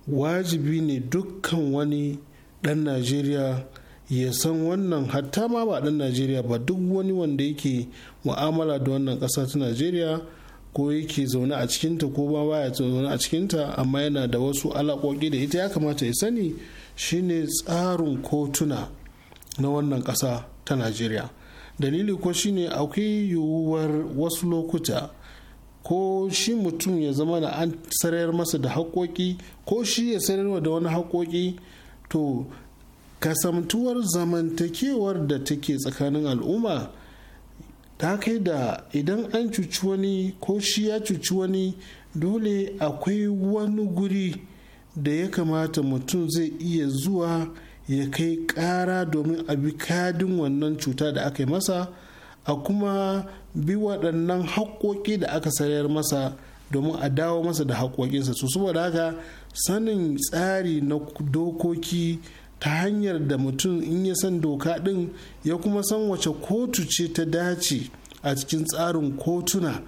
wajibi ne dukkan wani dan najeriya ya san wannan hatta ma ba dan najeriya ba duk wani wanda yake mu'amala da wannan kasa ta najeriya ko yake zaune a cikinta ko ba baya zaune a cikinta amma yana da wasu alaƙoƙi da ita ya kamata ya sani shine tsarin kotuna na wannan ƙasa ta najeriya dalili ko shine akwai yiwuwar wasu lokuta ko shi mutum ya zama da an sarayar masa da haƙoƙi ko shi ya sarayar da wani haƙoƙi to kasamtuwar zamantakewar da take tsakanin al'umma ta kai da idan an cuci wani ko shi ya cuci wani dole akwai wani guri da ya kamata mutum zai iya zuwa ya kai kara domin a bi kadin wannan cuta da aka yi masa a kuma bi waɗannan haƙoƙi da aka sayar masa domin a dawo masa da haƙoƙinsa su saboda haka sanin tsari na dokoki ta hanyar da mutum in ya san doka ɗin ya kuma san wace kotu ce ta dace a cikin tsarin kotuna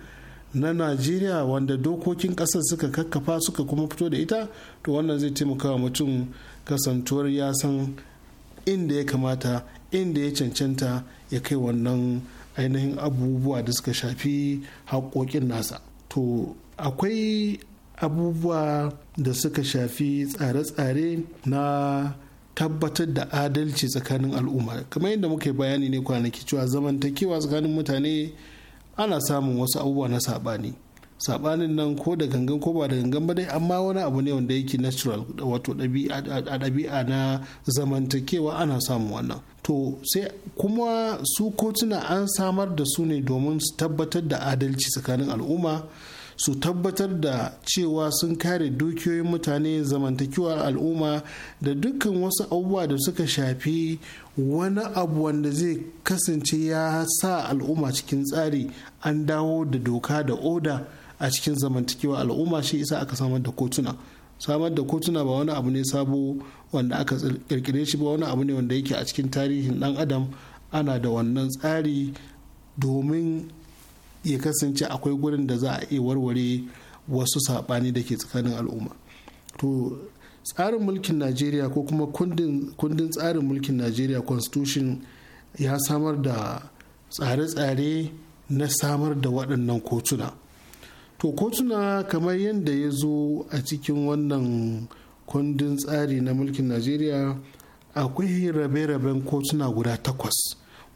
na najeriya wanda dokokin ƙasar suka kakkafa suka kuma fito da ita to wannan zai taimaka wa mutum kasantuwar ya san inda ya kamata inda ya cancanta ya kai wannan ainihin abubuwa da suka shafi haƙoƙin nasa to akwai abubuwa da suka shafi tsare-tsare na tabbatar da adalci tsakanin al'umma kamar yadda muka bayani ne kwanaki cewa zamantakewa tsakanin mutane ana samun wasu abubuwa na saɓani saɓanin nan ko da gangan ko ba da gangan ba dai amma wani abu ne wanda yake natural wato ɗabi'a na zamantakewa ana samun wannan to sai kuma su kotuna an samar da su ne domin su tabbatar da adalci tsakanin al'umma su tabbatar da cewa sun kare dukiyoyin mutane zamantakewar al'umma da dukkan wasu abubuwa da suka shafi wani abu wanda zai kasance ya sa al'umma cikin tsari an dawo da doka da oda a cikin zamantakewar al'umma shi isa aka samar da kotuna samar da kotuna ba wani abu ne sabo wanda aka kirkire shi ba wani abu ne wanda yake a cikin tarihin dan adam ana da wannan tsari domin ya kasance akwai gurin da za a iya warware wasu saɓani da ke tsakanin al'umma to tsarin mulkin najeriya ko kuma kundin tsarin mulkin najeriya constitution ya samar da tsare-tsare na samar da waɗannan kotuna to kotuna kamar yadda ya zo a cikin wannan kundin tsari na mulkin najeriya akwai rabe-raben kotuna guda takwas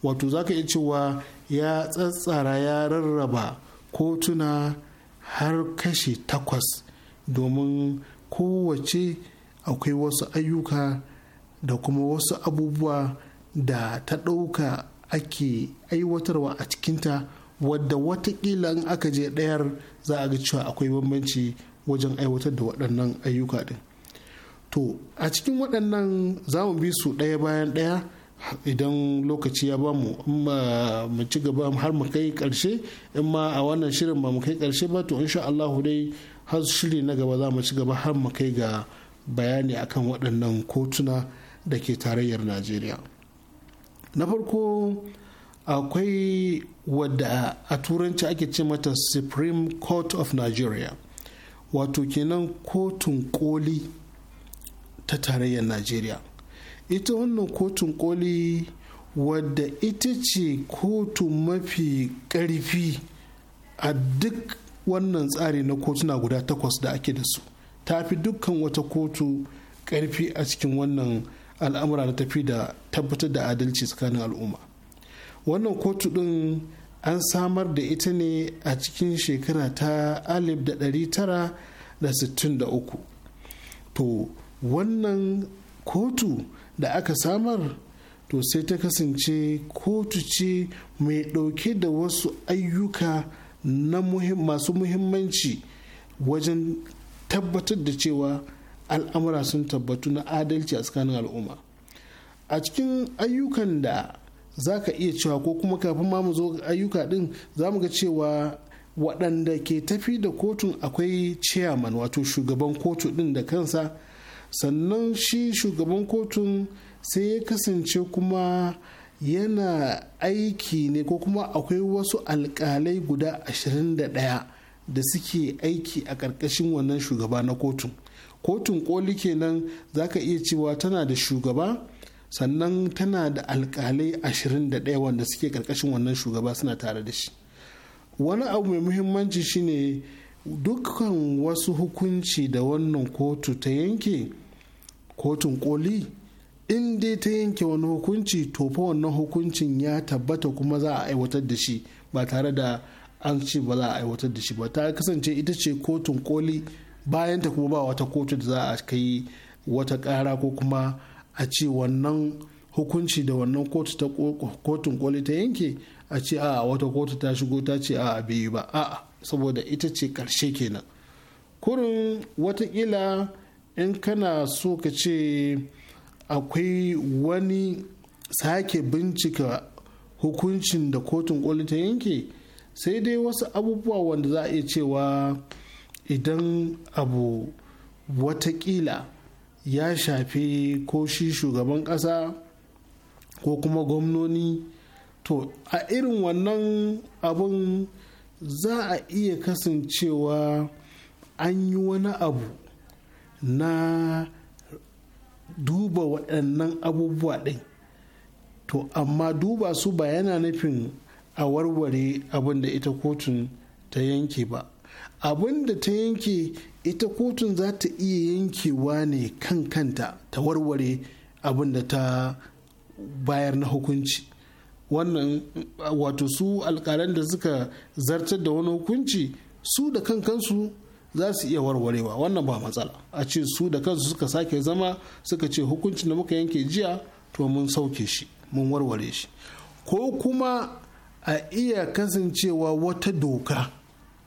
wato za ka iya cewa ya tsatsara ya rarraba kotuna har kashi takwas domin kowace akwai wasu ayyuka da kuma wasu abubuwa da ta ɗauka ake aiwatarwa a cikinta wadda watakila in aka je ɗayar za a ga cewa akwai bambanci wajen aiwatar da waɗannan ayyuka ɗin to a cikin waɗannan za mu bi su ɗaya bayan ɗaya idan lokaci ya bamu ba mu ci gaba har mu kai karshe in ma a wannan shirin ba mu kai karshe ba to insha Allahu dai har shiri na gaba za mu ci gaba har mu kai ga bayani akan waɗannan kotuna da ke tarayyar Najeriya na farko akwai wadda a turanci ake ce mata Supreme Court of Nigeria wato kenan kotun koli ta tarayyar Najeriya ita wannan kotun koli wadda ita ce kotu mafi ƙarfi a duk wannan tsari na kotuna guda takwas da ake da su ta fi dukkan wata kotu ƙarfi a cikin wannan al'amura na tafi da tabbatar da adalci tsakanin al'umma wannan kotu ɗin an samar da ita ne a cikin shekara ta alif da da da tara sittin uku, to wannan kotu da aka samar to sai ta kasance kotu ce mai ɗauke da wasu ayyuka na masu muhimmanci wajen tabbatar da cewa al'amura sun tabbatu na adalci a tsakanin al'umma a cikin ayyukan da za ka iya cewa ko kuma kafin ma mu zo ayyuka din za mu ga cewa waɗanda ke tafi da kotun akwai ciyaman wato shugaban kotu din da kansa sannan shi shugaban kotun sai ya kasance kuma yana aiki ne ko kuma akwai wasu alkalai guda 21 da suke aiki a ƙarƙashin wannan shugaba na kotun kotun koli kenan za ka iya cewa tana da shugaba sannan tana da alkalai 21 wanda suke ƙarƙashin wannan shugaba suna tare da shi wani abu mai muhimmanci shine dukkan wasu hukunci da wannan kotu ta yanke kotun koli in dai ta yanke wani hukunci to fa wannan hukuncin ya tabbata kuma za a aiwatar da shi ba tare da an ce ba za a aiwatar da shi ba ta kasance ita ce kotun koli bayan ta kuma ba wata kotu da za a kai wata kara ko kuma a ce wannan hukunci da wannan kotun koli ta yanke a ce a wata kotu ta shigo ta ce a bai ba a'a saboda ita ce karshe kenan kurin watakila in kana so ka ce akwai wani sake bincika hukuncin da kotun koli ta yanke sai dai wasu abubuwa wanda za a iya cewa idan abu watakila ya shafi ko shi shugaban ƙasa ko kuma gwamnoni to a irin wannan abun za a iya kasancewa an yi wani abu na duba waɗannan abubuwa ɗin to amma duba su ba yana nufin a warware abin da ita kotun ta yanke ba abin da ta yanke ita kotun za ta iya yankewa ne kan kanta ta warware abin da ta bayar na hukunci wannan wato su alkalan da suka zartar da wani hukunci su da kankansu za su iya warwarewa wannan ba matsala a ce su da kansu suka sake zama suka ce hukuncin da muka yanke jiya to mun sauke shi mun warware shi ko kuma a iya kasancewa wata doka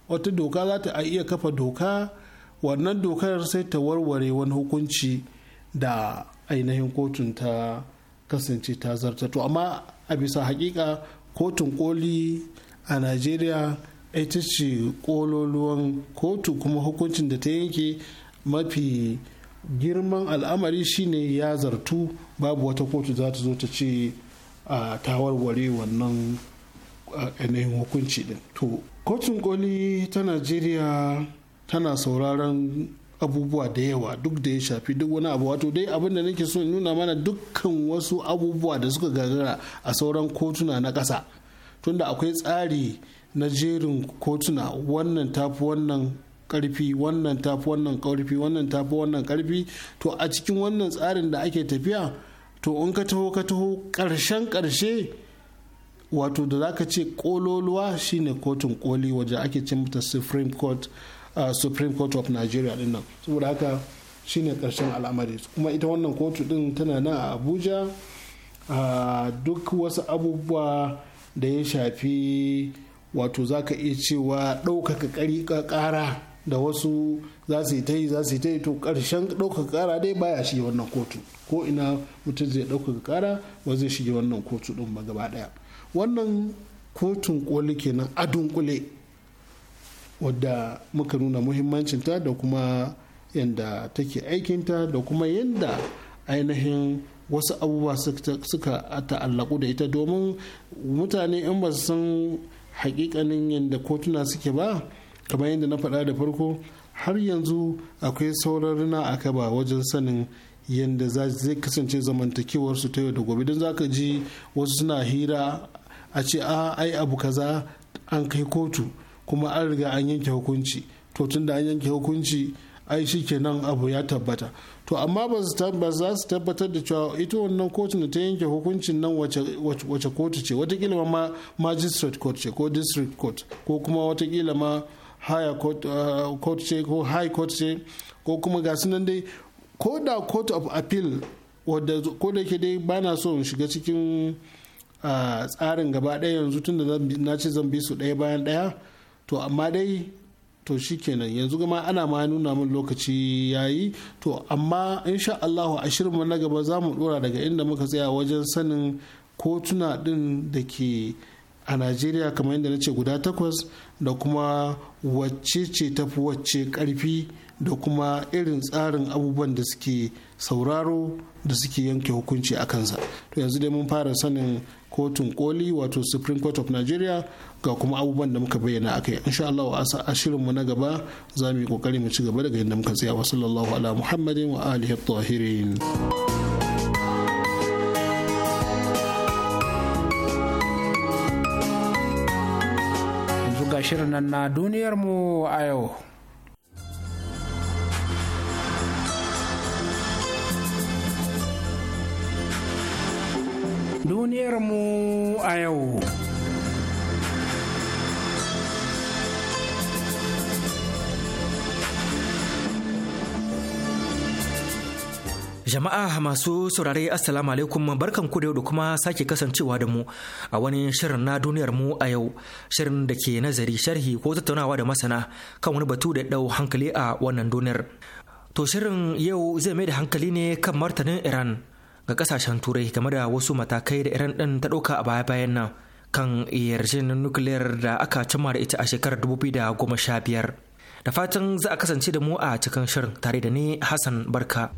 wata doka za ta iya kafa doka wannan dokar sai ta warware wani hukunci da ainihin kotun ta kasance ta zarta to amma a bisa hakika kotun koli a najeriya ita ce kololuwan kotu kuma hukuncin da ta yanke mafi girman al'amari shine ya zartu babu wata kotu za ta zo ta ce a tawarware wannan yanayin hukunci din to kotun koli ta najeriya tana sauraron abubuwa da yawa duk da ya shafi duk wani abu wato dai abin da nake so nuna mana dukkan wasu abubuwa da suka gagara a sauran kotuna na ƙasa tunda akwai tsari na jerin kotuna wannan tafi wannan karfi wannan tafi wannan karfi wannan tafi wannan karfi to a cikin wannan tsarin da ake tafiya to in ka taho ka taho karshen karshe wato da za ka ce kololuwa shine kotun koli waje ake ce mata supreme court uh, supreme court of nigeria din nan saboda haka shine karshen al'amari kuma ita wannan kotu din tana nan a abuja uh, duk wasu abubuwa da ya shafi wato za ka iya cewa ɗaukaka ƙari ƙara da wasu za su yi ta yi za su yi ta yi to ƙarshen ɗaukaka ƙara dai baya shi wannan kotu ko ina mutum zai ɗaukaka ƙara ba zai shige wannan kotu ɗin ba gaba ɗaya wannan kotun koli kenan a dunkule wadda muka nuna muhimmancinta da kuma yadda take aikinta da kuma yadda ainihin wasu abubuwa suka ta'allaku da ita domin mutane in ba su san hakikanin yadda kotuna suke ba kamar yadda na faɗa da farko har yanzu akwai sauran na aka ba wajen sanin yadda zai kasance zamantakewarsu ta yau da gobe don za ka ji wasu suna hira a ce a ah, ai abu kaza an kai kotu kuma an riga an yanke hukunci to tun da an yanke hukunci ai shi kenan abu ya tabbata to amma ba su tabbatar da cewa ita wannan kotun da ta yanke hukuncin nan wace kotu ce watakila ma magistrate court ce ko district court ko kuma watakila ma higher eh, court ce ko high court ce ko kuma ga nan dai ko da court of appeal wadda ko da ke dai bana so in shiga cikin eh, tsarin gaba ɗaya yanzu tun da na ce zan bi su ɗaya bayan ɗaya to amma dai to kenan yanzu gama ana ma nuna min lokaci ya yi to amma insha Allah a shirinmu na gaba za mu dora daga inda muka tsaya wajen sanin kotuna din da ke a Najeriya kamar yadda na ce guda takwas da kuma wacce ce tafi wacce karfi da kuma irin tsarin abubuwan da suke sauraro da suke yanke hukunci a kansa to yanzu dai mun fara sanin kotun koli wato supreme court of nigeria ga kuma abubuwan da muka bayyana a kai insha Allah a mu na gaba za mu yi kokari mu ci gaba daga yadda muka tsaya wa sallallahu ala muhammadin wa alihi tahirin shirin nan na duniyarmu a yau duniyarmu a yau. Jama'a masu saurare Assalamu alaikum barkan ku da yau kuma sake kasancewa da mu a wani shirin na duniyar mu a yau shirin da ke nazari sharhi ko tattaunawa da masana kan wani batu da ɗau hankali a wannan duniyar. To shirin yau zai mai da hankali ne kan martanin Iran ga kasashen turai game da wasu matakai da iran din ta ɗauka a baya-bayan nan kan yarjejeniyar nukiliyar da aka cimma da ita a shekarar 2015 da fatan za a kasance da mu a cikin shirin tare da ni hassan barka.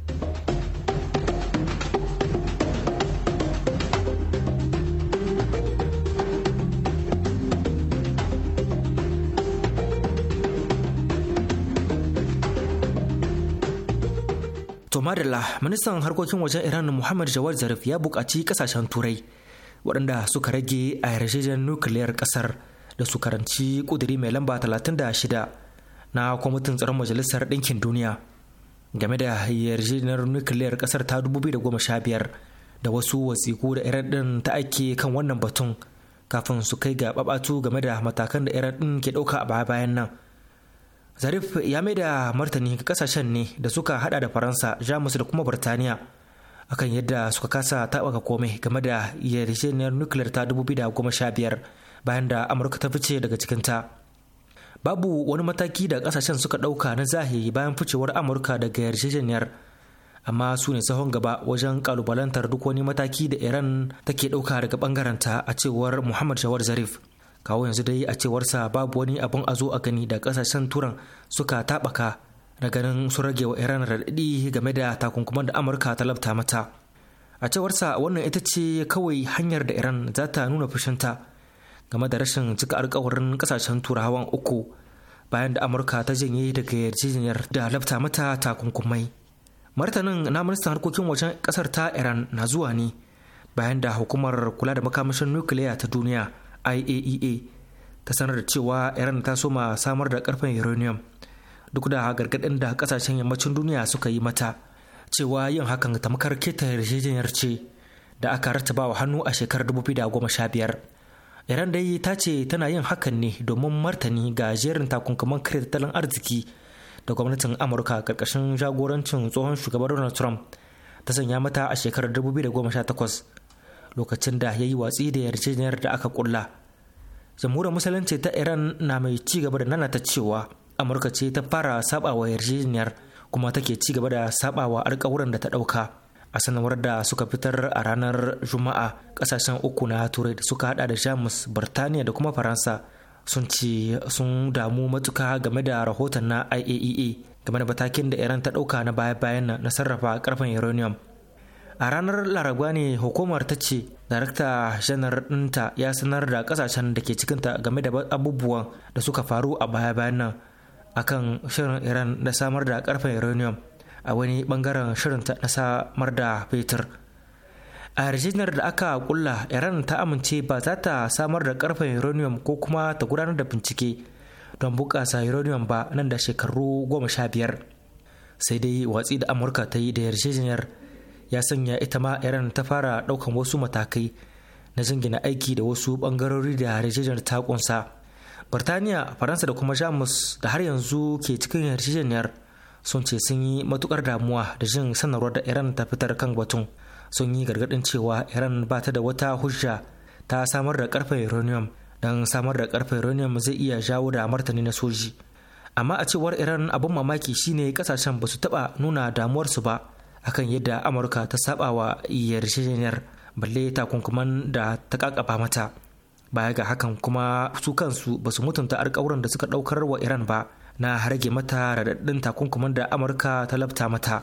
madalla ministan harkokin wajen iran muhammad jawad zarif ya buƙaci ƙasashen turai waɗanda suka rage a yarjejen nukiliyar ƙasar da su karanci ƙudiri mai lamba 36 na kwamitin tsaron majalisar ɗinkin duniya game da yarjejeniyar nukiliyar ƙasar ta 2015 da sha biyar da wasu wasiku da iran ɗin ta ake kan wannan batun kafin su kai ga babatu game da matakan da iran ɗin ke ɗauka a baya-bayan nan zarif ya mai da martani ga kasashen ne da suka hada da faransa jamus da kuma birtaniya akan yadda suka kasa taɓaka komai game da yarjejeniyar nukiliyar ta 2015 bayan da amurka ta fice daga cikinta babu wani mataki da kasashen suka dauka na zahiri bayan ficewar amurka daga yarjejeniyar amma su ne sahon gaba wajen kalubalantar duk wani mataki da iran take dauka daga ta a cewar muhammad shawar zarif kawo yanzu dai a cewarsa babu wani abin a zo a gani da kasashen turan suka taɓaka na ganin sun rage wa iran raɗaɗi game da takunkuman da amurka ta labta mata a cewarsa wannan ita ce kawai hanyar da iran za ta nuna fushinta game da rashin cika alkawarin kasashen turawan uku bayan da amurka ta janye daga yarjejeniyar da labta mata takunkumai martanin na ministan harkokin wajen kasar ta iran na zuwa ne bayan da hukumar kula da makamashin nukiliya ta duniya iaea e ta sanar da cewa iran ta soma samar da karfin uranium duk da gargaɗin da kasashen yammacin duniya suka yi mata cewa yin hakan tamkar keta yarjejeniyar ce da aka rataba wa hannu a shekarar 2015 iran dai ta ce tana yin hakan ne domin martani ga jerin takunkuman kare tattalin arziki da gwamnatin amurka karkashin jagorancin tsohon shugaban donald trump ta sanya mata a shekarar lokacin da ya yi watsi da yarjejeniyar da aka kulla jamhuriyar musulunci ta iran na mai ci gaba da nanata cewa amurka ce ta fara sabawa yarjejeniyar kuma take ci gaba da sabawa alkawuran da ta dauka a sanarwar da suka fitar a ranar juma'a kasashen uku na turai da suka hada da jamus birtaniya da kuma faransa sun ce sun damu matuka game da rahoton na iaea e game da batakin da iran ta dauka na baya-bayan na sarrafa karfin uranium a ranar laraba ne hukumar ta ce darakta janar ɗinta ya sanar da kasashen da ke cikinta game da abubuwan da suka faru a baya-bayan nan akan shirin iran da samar da karfen uranium a wani bangaren shirinta na samar da fetur a yarjejeniyar da aka kulla iran ta amince ba za ta samar da karfen uranium ko kuma ta gudanar da bincike don bukasa uranium ba nan da shekaru goma sha biyar sai dai watsi da amurka ta yi da yarjejeniyar ya sanya ita ma iran ta fara daukan wasu matakai na jingina aiki da wasu ɓangarori da yarjejeniyar ta ƙunsa birtaniya faransa da kuma jamus da har yanzu ke cikin yarjejeniyar sun ce sun yi matukar damuwa da jin sanarwar da iran ta fitar kan batun sun yi gargadin cewa iran ba ta da wata hujja ta samar da karfe uranium don samar da karfe uranium zai iya jawo da martani na soji amma a cewar iran abin mamaki shine kasashen ba su taba nuna damuwarsu ba akan yadda amurka ta saba wa yarjejeniyar balle takunkuman da ta kakaba mata baya ga hakan kuma su kansu ba su mutunta alkawuran da suka daukar wa iran ba na rage mata radaddin takunkuman da amurka ta labta mata.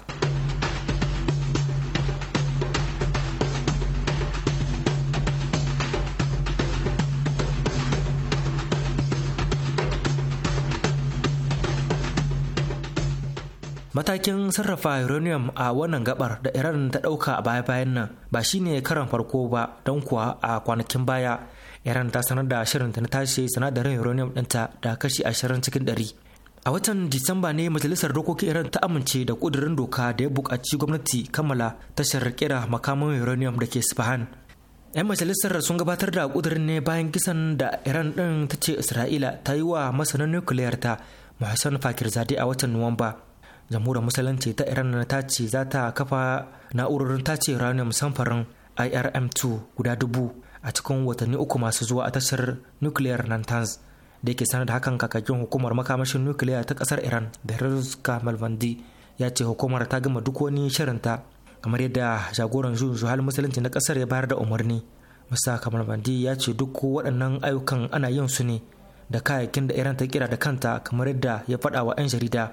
matakin sarrafa uranium a wannan gabar da iran ta dauka a baya-bayan nan ba shine karan farko ba don kuwa a kwanakin baya iran ta sanar da ta na tashi sinadarin uranium dinta da kashi ashirin cikin ɗari a watan disamba ne majalisar dokokin iran ta amince da kudirin doka da ya buƙaci gwamnati kammala tashar kira makamin uranium da ke sifahan 'yan majalisar sun gabatar da kudirin ne bayan kisan da iran din ta ce isra'ila ta yi wa masanin nukiliyar ta fakir zade a watan nuwamba jamhuriyar musulunci ta iran ta ce za ta kafa na'urorin tace uranium samfarin irm2 guda dubu a cikin watanni uku masu zuwa a tashar nukiliyar nantans da yake sanar da hakan kakakin hukumar makamashin nukiliya ta kasar iran da rizka malvandi ya ce hukumar ta gama duk wani shirinta kamar yadda jagoran juyin juhal musulunci na kasar ya bayar da umarni musa bandi ya ce duk waɗannan ayyukan ana yin su ne da kayayyakin da iran ta kira da kanta kamar yadda ya faɗa wa 'yan jarida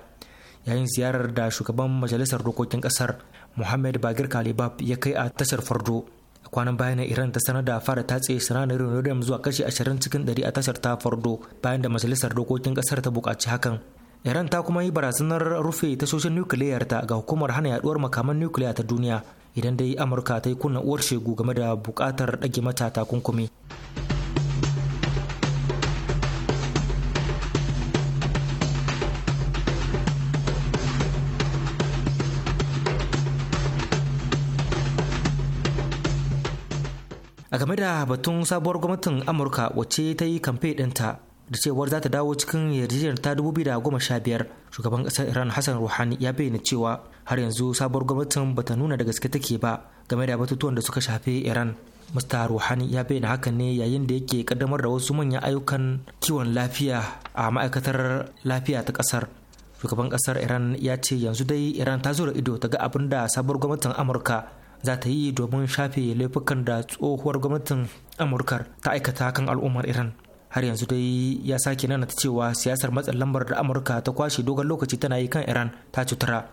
yayin ziyarar da shugaban majalisar dokokin kasar muhammad bagir kalibab ya kai a tashar fardo a kwanan bayan iran ta sanar da fara tatse sinadarin uranium zuwa kashi 20 cikin 100 a tashar ta fardo bayan da majalisar dokokin kasar ta bukaci hakan iran ta kuma yi barazanar rufe tashoshin nukiliyar ta ga hukumar hana yaduwar makaman nukiliya ta duniya idan dai amurka ta yi kunna uwar shegu game da bukatar ɗage mata takunkumi. a game da batun sabuwar gwamnatin amurka wacce ta yi kamfe ɗinta da cewar za ta dawo cikin yarjejeniyar ta biyar shugaban ƙasar iran hassan ruhani ya bayyana cewa har yanzu sabuwar gwamnatin ba ta nuna da gaske take ba game da batutuwan da suka shafi iran mista Ruhani ya bayyana haka ne yayin da yake kaddamar da wasu manyan ayyukan kiwon lafiya a ma'aikatar lafiya ta kasar. Shugaban ƙasar Iran ya ce yanzu dai Iran ta zura ido ta ga abin da sabuwar gwamnatin Amurka za ta yi domin shafe laifukan da tsohuwar gwamnatin amurka ta aikata kan al'ummar iran har yanzu dai ya sake nana ta cewa siyasar matsin lambar da amurka ta kwashe dogon lokaci tana yi kan iran ta cutura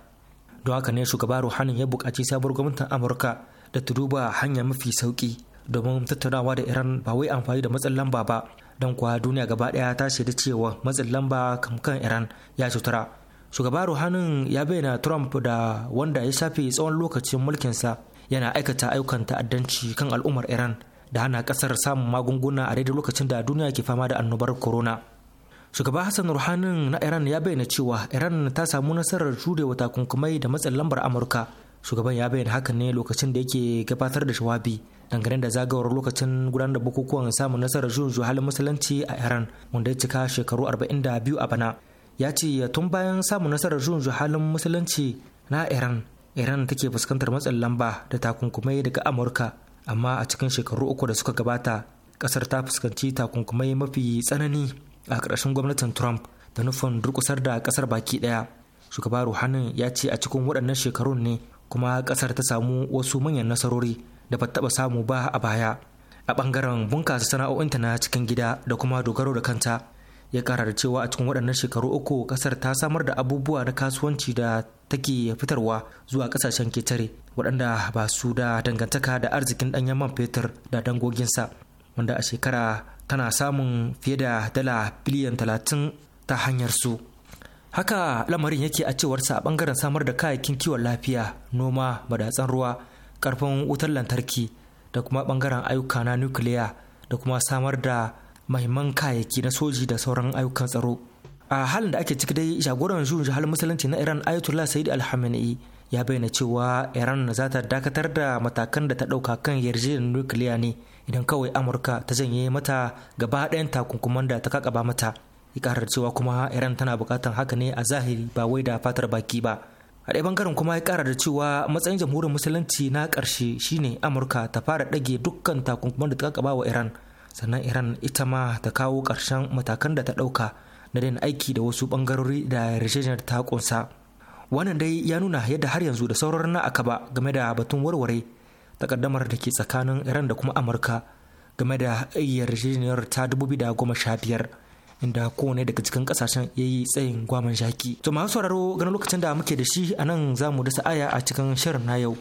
don haka ne shugaba ruhanin ya buƙaci sabuwar gwamnatin amurka da ta duba hanya mafi sauki domin tattaunawa da iran ba wai amfani da matsin lamba ba don kuwa duniya gaba ɗaya ta shaida cewa matsin lamba kan iran ya cutura shugaba ruhanin ya bayyana trump da wanda ya shafe tsawon lokacin mulkinsa yana aikata ayyukan ta'addanci kan al'ummar iran da hana kasar samun magunguna a daidai lokacin da duniya ke fama da annobar corona shugaba hassan ruhanin na iran ya bayyana cewa iran ta samu nasarar wa takunkumai da matsin lambar amurka shugaban ya bayyana hakan ne lokacin da yake gabatar da shawabi dangane da zagawar lokacin gudanar da bukukuwan samun nasarar juyin halin musulunci a iran wanda ya cika shekaru arba'in da biyu a bana ya ce tun bayan samun nasarar juyin halin musulunci na iran iran take fuskantar matsin lamba da takunkumai daga amurka amma a cikin shekaru uku da suka gabata kasar ta fuskanci takunkumai mafi tsanani a ƙarshen gwamnatin trump da nufin durkusar da kasar baki ɗaya shugaba ruhanin ya ce a cikin waɗannan shekarun ne kuma kasar ta samu wasu manyan nasarori da ba taɓa samu ba a baya a ɓangaren bunkasa sana'o'inta na cikin gida da kuma dogaro da kanta ya kara da cewa a cikin waɗannan shekaru uku kasar ta samar da abubuwa na kasuwanci da take fitarwa zuwa kasashen ketare waɗanda ba su da dangantaka da arzikin ɗanyen man fetur da dangoginsa wanda a shekara tana samun fiye da dala biliyan talatin ta hanyar su haka lamarin yake a cewarsa a bangaren samar da kayayyakin kiwon lafiya noma madatsan ruwa karfin wutar lantarki da kuma bangaren ayyuka na nukiliya da kuma samar da mahimman kayayyaki na soji da sauran ayyukan tsaro a halin da ake ciki dai jagoran juyin jihar musulunci na iran ayatollah sayyid alhamenei ya bayyana cewa iran za ta dakatar da matakan da ta ɗauka kan yarjejeniyar nukiliya ne idan kawai amurka ta janye mata gaba ɗayan takunkuman da ta kakaba mata ya cewa kuma iran tana buƙatar haka ne a zahiri ba wai da fatar baki ba a ɗaya bangaren kuma ya ƙara da cewa matsayin jamhuriyar musulunci na ƙarshe shine amurka ta fara ɗage dukkan takunkuman da ta kakaba wa iran sannan iran ita ma ta kawo ƙarshen matakan da ta ɗauka na daina aiki da wasu ɓangarori da yarjejeniyar ta kunsa wannan dai ya nuna yadda har yanzu da sauran na akaba game da batun warware takaddamar da ke tsakanin iran da kuma amurka game da yarjejeniyar ta dubu da sha goma biyar inda kowane daga cikin kasashen ya yi tsayin gwaman shaki to masu sauraro ganin lokacin da muke da shi a nan za mu dasa aya a cikin shirin na yau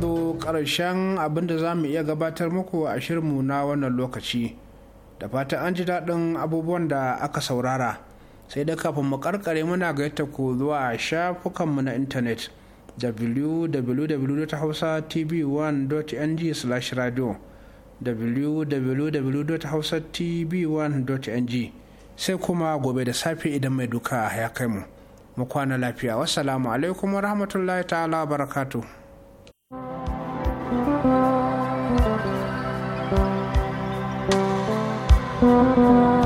zo ƙarshen abin da za mu iya gabatar muku a shirinmu na wannan lokaci da fata an ji daɗin abubuwan da aka saurara sai da kafin mu karkare muna gayyata ku zuwa shafukanmu na intanet www.hausatv1.ng/radio www.hausatv1.ng sai kuma gobe da safe idan mai duka ya kai mu mu kwana lafiya wassalamu alaikum rahmatullahi ta'ala barakatuh Thank you.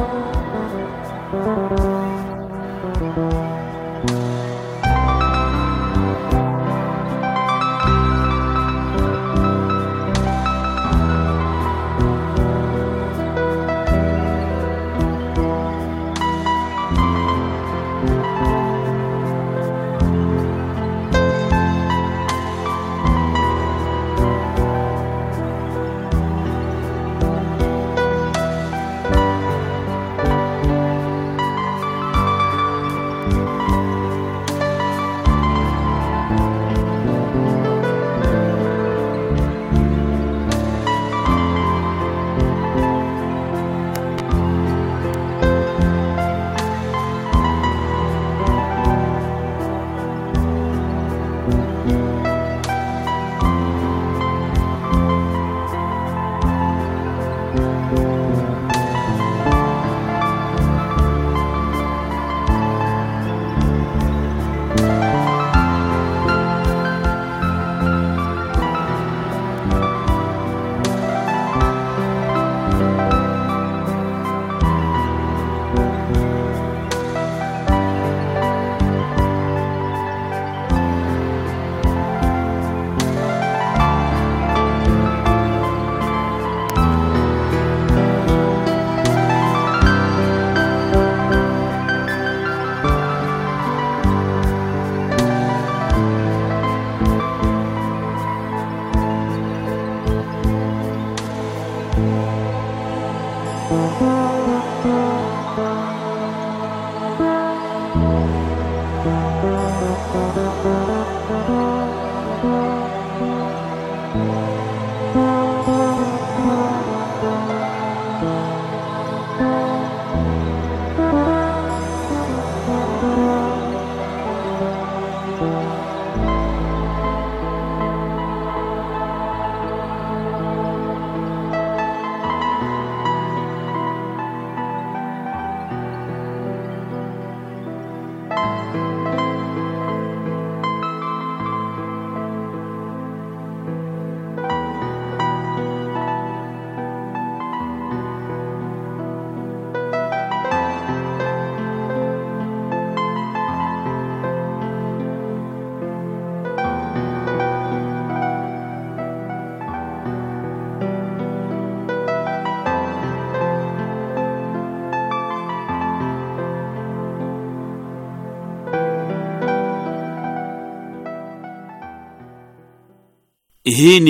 Hii ni